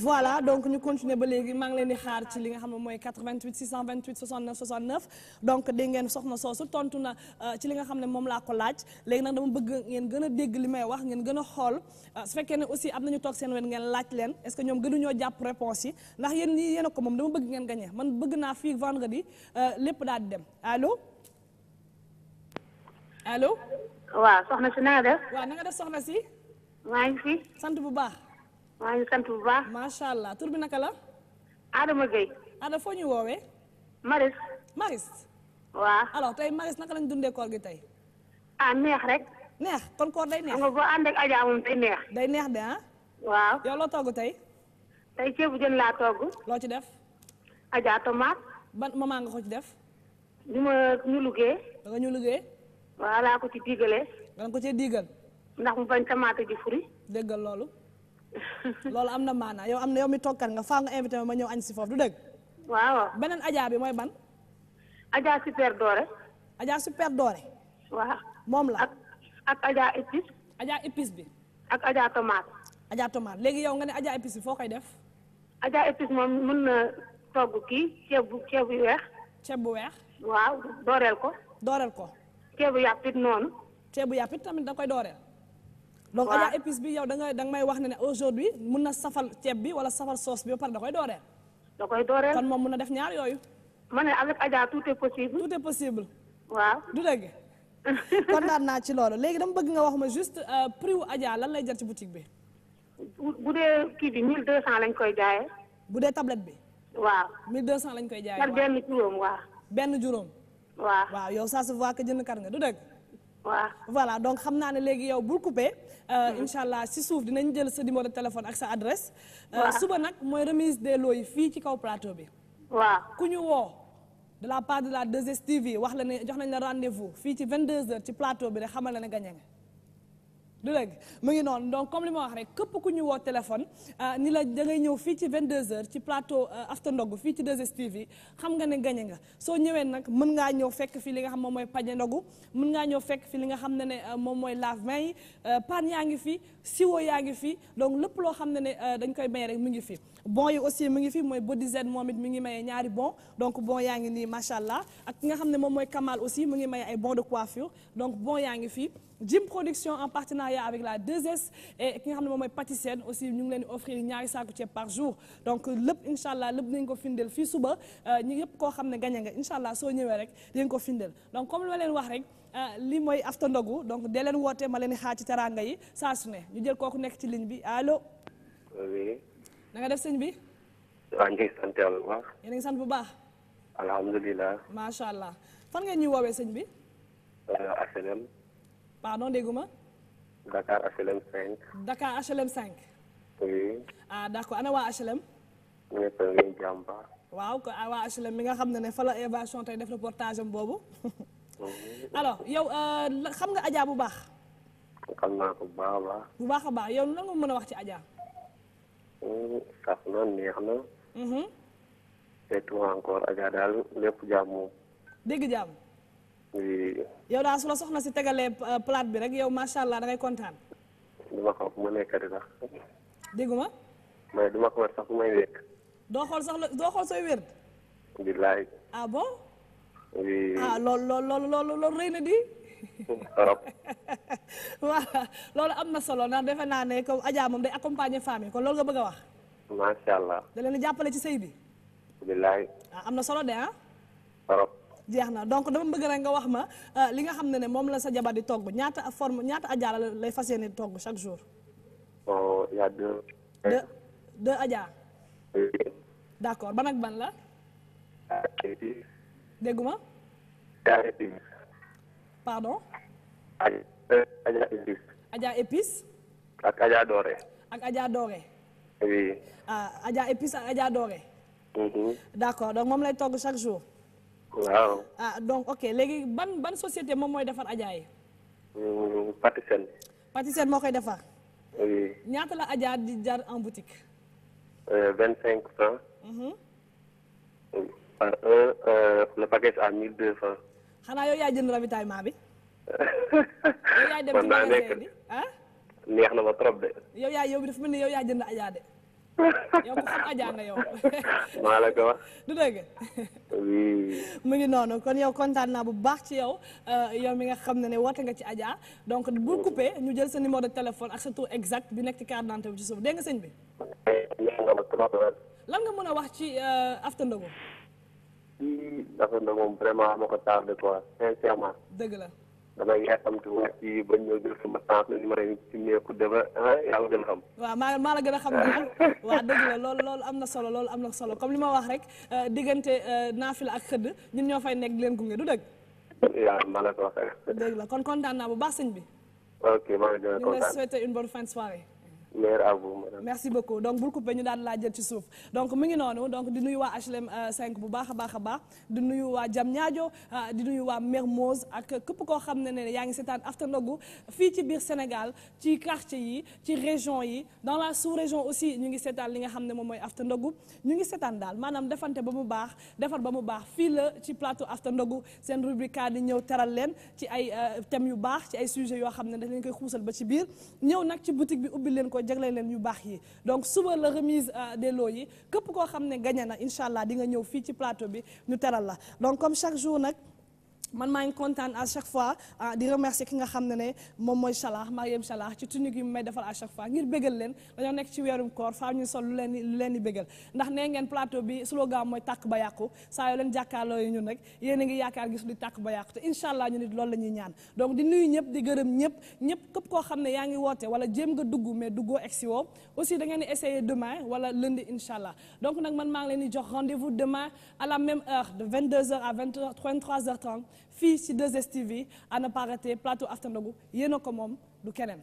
S1: voilà donc ñu continuer ba léegi maa ngi leen di xaar ci li nga xam ne mooy 88 628 69 69 donc dégg ngeen soxna su tontu na euh, ci li nga xam ne moom laa ko laaj léegi nag dama bëgg ngeen gën a dégg li may wax ngeen gën a xool euh, su fekkee ne aussi am nañu toog seen wet ngeen laaj leen est-ce que ñoom gënuñoo jàpp réponse yi ndax yéen ñi yéen a ko moom dama bëgg ngeen gagné man bëgg naa fii vendredi euh, lépp daal di dem allo waaw soxna si na nga def. waa na nga def soxna si. maa ngi fi. sant bu baax. maa ngi sant bu baax. macha allah tur bi naka la. Adama Gueye. Ada foo ñuy woowee. Maris. Maris. waaw alo tey Maris naka lañ dundee koor gi tey. ah neex rek. neex kon koor day neex. xam nga boo ànd day neex. day neex de ah. waaw yow loo togg tey. tey ceebu jën laa togg. loo ci def. Adja tomate. ban moment nga ko ci def. ñu ma ñu liggéey. da ñu liggéey. waaw laa ko ci digalee. nga ko cee digal. ndax mu bañ tamaate ji furi. déggal loolu. loolu am na maanaa yow am na yow mi tokkat nga faa nga invité ma ma ñëw añ si foofu du dëgg. waaw beneen ajaa bi mooy ban. ajaa super doore. ajaa super doore. waaw moom la ak ak ajaa épice. ajaa épice bi. ak ajaa tomate. ajaa tomate léegi yow nga ne ajaa épice bi foo koy def. ajaa épice moom mën na togg kii ceeb bu ceeb bu weex. ceeb bu weex. waaw dooreel ko. dooreel ko. ceebu yàpp it noonu. ceebu yàpp it tamit da koy dooreel. donc aja épice bi yow da nga da may wax ne ne aujourd'hui mun na safal ceeb bi wala safal sauce bi ba pare da koy dooreel. da koy dooreel kon moom mun na def ñaar yooyu. ma ne avec Adja tout est possible. tout est possible. waaw du dëgg. (laughs) kontaan naa ci loolu léegi dama bëgg nga wax ma juste euh, prix wu Adja lan lay jar ci boutique bi. bu dee kii bi mille 1200 lañ koy jaayee. bu dee tablette bi. waaw 1200 lañ koy jaayee. par benn juróom waa benn juróom. waa waaw yow ça se voit que jëndkat nga du dëgg. waaw voilà donc xam naa ne léegi yow bul coupé. Euh, hmm. incha allah si suuf dinañ jël sa numéro de téléphone ak sa adresse. Euh, suba nag mooy remise des lots yi fii ci kaw plateau bi. waa ku ñu woo. de la part de la wax la ne jox nañ la rendez-vous fii ci 22h ci plateau bi rek xamal la ne gagné nga. du dëgg mu ngi noonu donc comme li ma wax rek képp ku ñu woo téléphone euh, ni la da ngay ñëw fii ci 22h ci plateau euh, after ndogu fii ci 2STV xam nga ni gañe nga soo ñëwee nag mën ngaa ñëw fekk fi li nga xam moom mooy pañe mën ngaa ñëw fekk fii li nga xam ne ne euh, moom mooy lave-main yi paan yaa ngi fii siwo yaa ngi fi donc lépp loo xam ne ne dañ koy maye rek mu ngi fi bon yi aussi mu ngi fii mooy Bodizène moom it mu ngi maye ñaari bon donc bon yaa ngi nii macha allah ki nga xam ne moom mooy Kamal aussi mu ngi ay bon de coiffure donc bon yaa ngi fi Jim Production en partenariat avec la 2S ki nga xam ne moom mooy pâtissienne aussi ñu ngi leen di offrir ñaari saaku ceeb par jour donc lépp incha allah lépp ko findel fii suba euh, ñi yëpp koo xam ne gañe nga incha allah soo ñëwee rek dinañ ko findel donc comme li ma leen wax rek euh, li mooy after ndogu donc dee leen woote ma leen di xaar ci teraanga yi saa su ne ñu jël kooku nekk ci ligne bi allo. oui. def sëñ bi.
S14: waaw ñu ngi sant yàlla bu baax.
S1: yéen a
S14: alhamdulilah.
S1: macha allah fan ngeen ñuy woowee sëñ bi.
S14: Euh, H&M.
S1: pardon dégguma.
S14: Dakar HLM 5.
S1: Dakar HLM 5. oui. ah d' accord ana waa HLM.
S14: mu nekk Lamine Diamba.
S1: waaw ko ah, waa HLM mi nga xam ne ne fa la évasion tey def reportage am boobu. (laughs) alors yow euh, xam nga Adja bu baax.
S14: xam naa ko bu baax a baax.
S1: bu baax a baax yow nan nga mën a wax ci Adja.
S14: Hmm, sax na neex na. surtout mhm. encore Adja daal lépp jàmm. dégg jàmm. yow
S1: daal su la soxna si tegalee euh, palaat bi rek yow macha allah da ngay kontaan.
S14: du ma ko mu sax. dégguma. mais du ma ko war sax bu may wér.
S1: doo xool sax doo xool sooy wér. billaay. ah bon.
S14: oui. ah (laughs)
S1: loolu loolu loolu loolu rëy am na solo ndax defe naa ne comme Adja moom day accompagner femme yi kon loolu nga bëgg a wax.
S14: macha allah.
S1: da leen jàppale ci sëy bi. billaay. Ah, am na solo de ah. jeex na donc dama bëgg rek nga wax ma euh, li nga xam ne ne moom la sa jabar di togg ñaata forme ñaata ajaar lay fas yéene di togg chaque jour.
S14: oh y a deux.
S1: deux d' accord ban ban la. dégguma. pardon. aja épice. aja épice.
S14: ak aja doore.
S1: ak aja doore. oui. Ah, mm-hmm. moom lay togg chaque jour. waaw. Ah, donc ok léegi ban ban société moom mooy defar ajaay yi.
S14: Hmm, Patisen.
S1: Patisen moo koy defar. ñaata la ajaa di jar en boutique.
S14: Euh, vingt cinq francs. Mhm. par un euh, le paquet à mille deux francs.
S1: xanaa yow yaay jënd ravitaillement bi. (laughs) yow yaay dem ci magasin bi ah.
S14: neex na ma trop de.
S1: yow yaay yow bi dafa mel ni yow yaay jënd Adja de. (laughs) yow ku xam Adja na yow. (laughs) ma la ko wax. (laughs) du dëgg. mu ngi noonu kon yow kontaan naa bu baax ci yow euh, yow mi nga xam ne ne woote nga ci Adja donc bu coupé ñu jël sa numéro de téléphone ak sa tour exact bi nekk ci carte d'identité bi ci suuf dégg nga sëñ bi. lan nga mën a wax ci euh, After Ndongo.
S14: After Ndongo vraiment ma ko tardé quoi sincèrement. dëgg la. damay yàkkamti wàcc yi ba ñëw jël sama temps ni ma ci meeku dema ah, yàlla gën a xam
S1: waaw maa la gën a xam daal (laughs) waaw dëgg la loolu loolu am na solo loolu am na solo comme li ma wax rek euh, diggante euh, naafila ak xëdd ñun ñoo fay nekk leen gunge du dëgg
S14: waaw maa la ko waxee
S1: dëgg la kon kontaan naa bu baax sëñ bi
S14: ok maa ngi gën a kontaan ñu ngi lay
S1: souhaiter une bonne fin de soirée merci beaucoup donc bul coupé ñu daan laa jël ci suuf donc mu ngi noonu donc di nuyu waa HLM 5 euh, bu baax a baax a baax di nuyu waa jam Diamniadio euh, di nuyu waa Mermoz ak képp koo xam ne ne yaa ngi seetaan After Ndogou fii ci biir Sénégal ci quartier yi ci région yi dans la sous-région aussi ñu ngi seetaan li nga xam ne moom mooy After Ndogou ñu ngi seetaan daal maanaam defante ba mu baax defar ba mu baax fii la ci plateau After Ndogou seen rubrique di ñëw teral leen ci ay euh, thèmes yu baax ci ay sujets yoo xam ne dañ leen koy xuusal ba ci biir ñëw nag ci boutique bi ubbi leen ko jagleel leen yu baax yi donc suba la remise euh, des lots yi képp koo xam ne gagné na incha allah di nga ñëw fii ci plateau bi ñu teral la donc comme chaque jour nag man maa ngi kontaan à chaque fois di remercier ki nga xam ne ne moom mooy Chalax Mariam Chalax ci tunique yu may defal à chaque fois ngir bégal leen dañoo nekk ci weerum koor faa ñu sol lu leen lu leen di bégal ndax nee ngeen plateau bi slogan mooy tàkk ba yàqu saa yoo leen jàkkaarloo yi ñun rek yéen a ngi yaakaar gis di tàkk ba yàqu te incha allah ñu nit loolu la ñuy ñaan donc di nuyu ñëpp di gërëm ñëpp ñëpp képp koo xam ne yaa ngi woote wala jéem nga dugg mais duggoo egsi woo aussi da ngeen di essayer demain wala lundi incha allah donc nag man maa ngi leen di jox rendez-vous demain la même heure de 22h à 23 fii ci 2STV à ne pas rater plateau After Ndogou yéen a ko moom du keneen.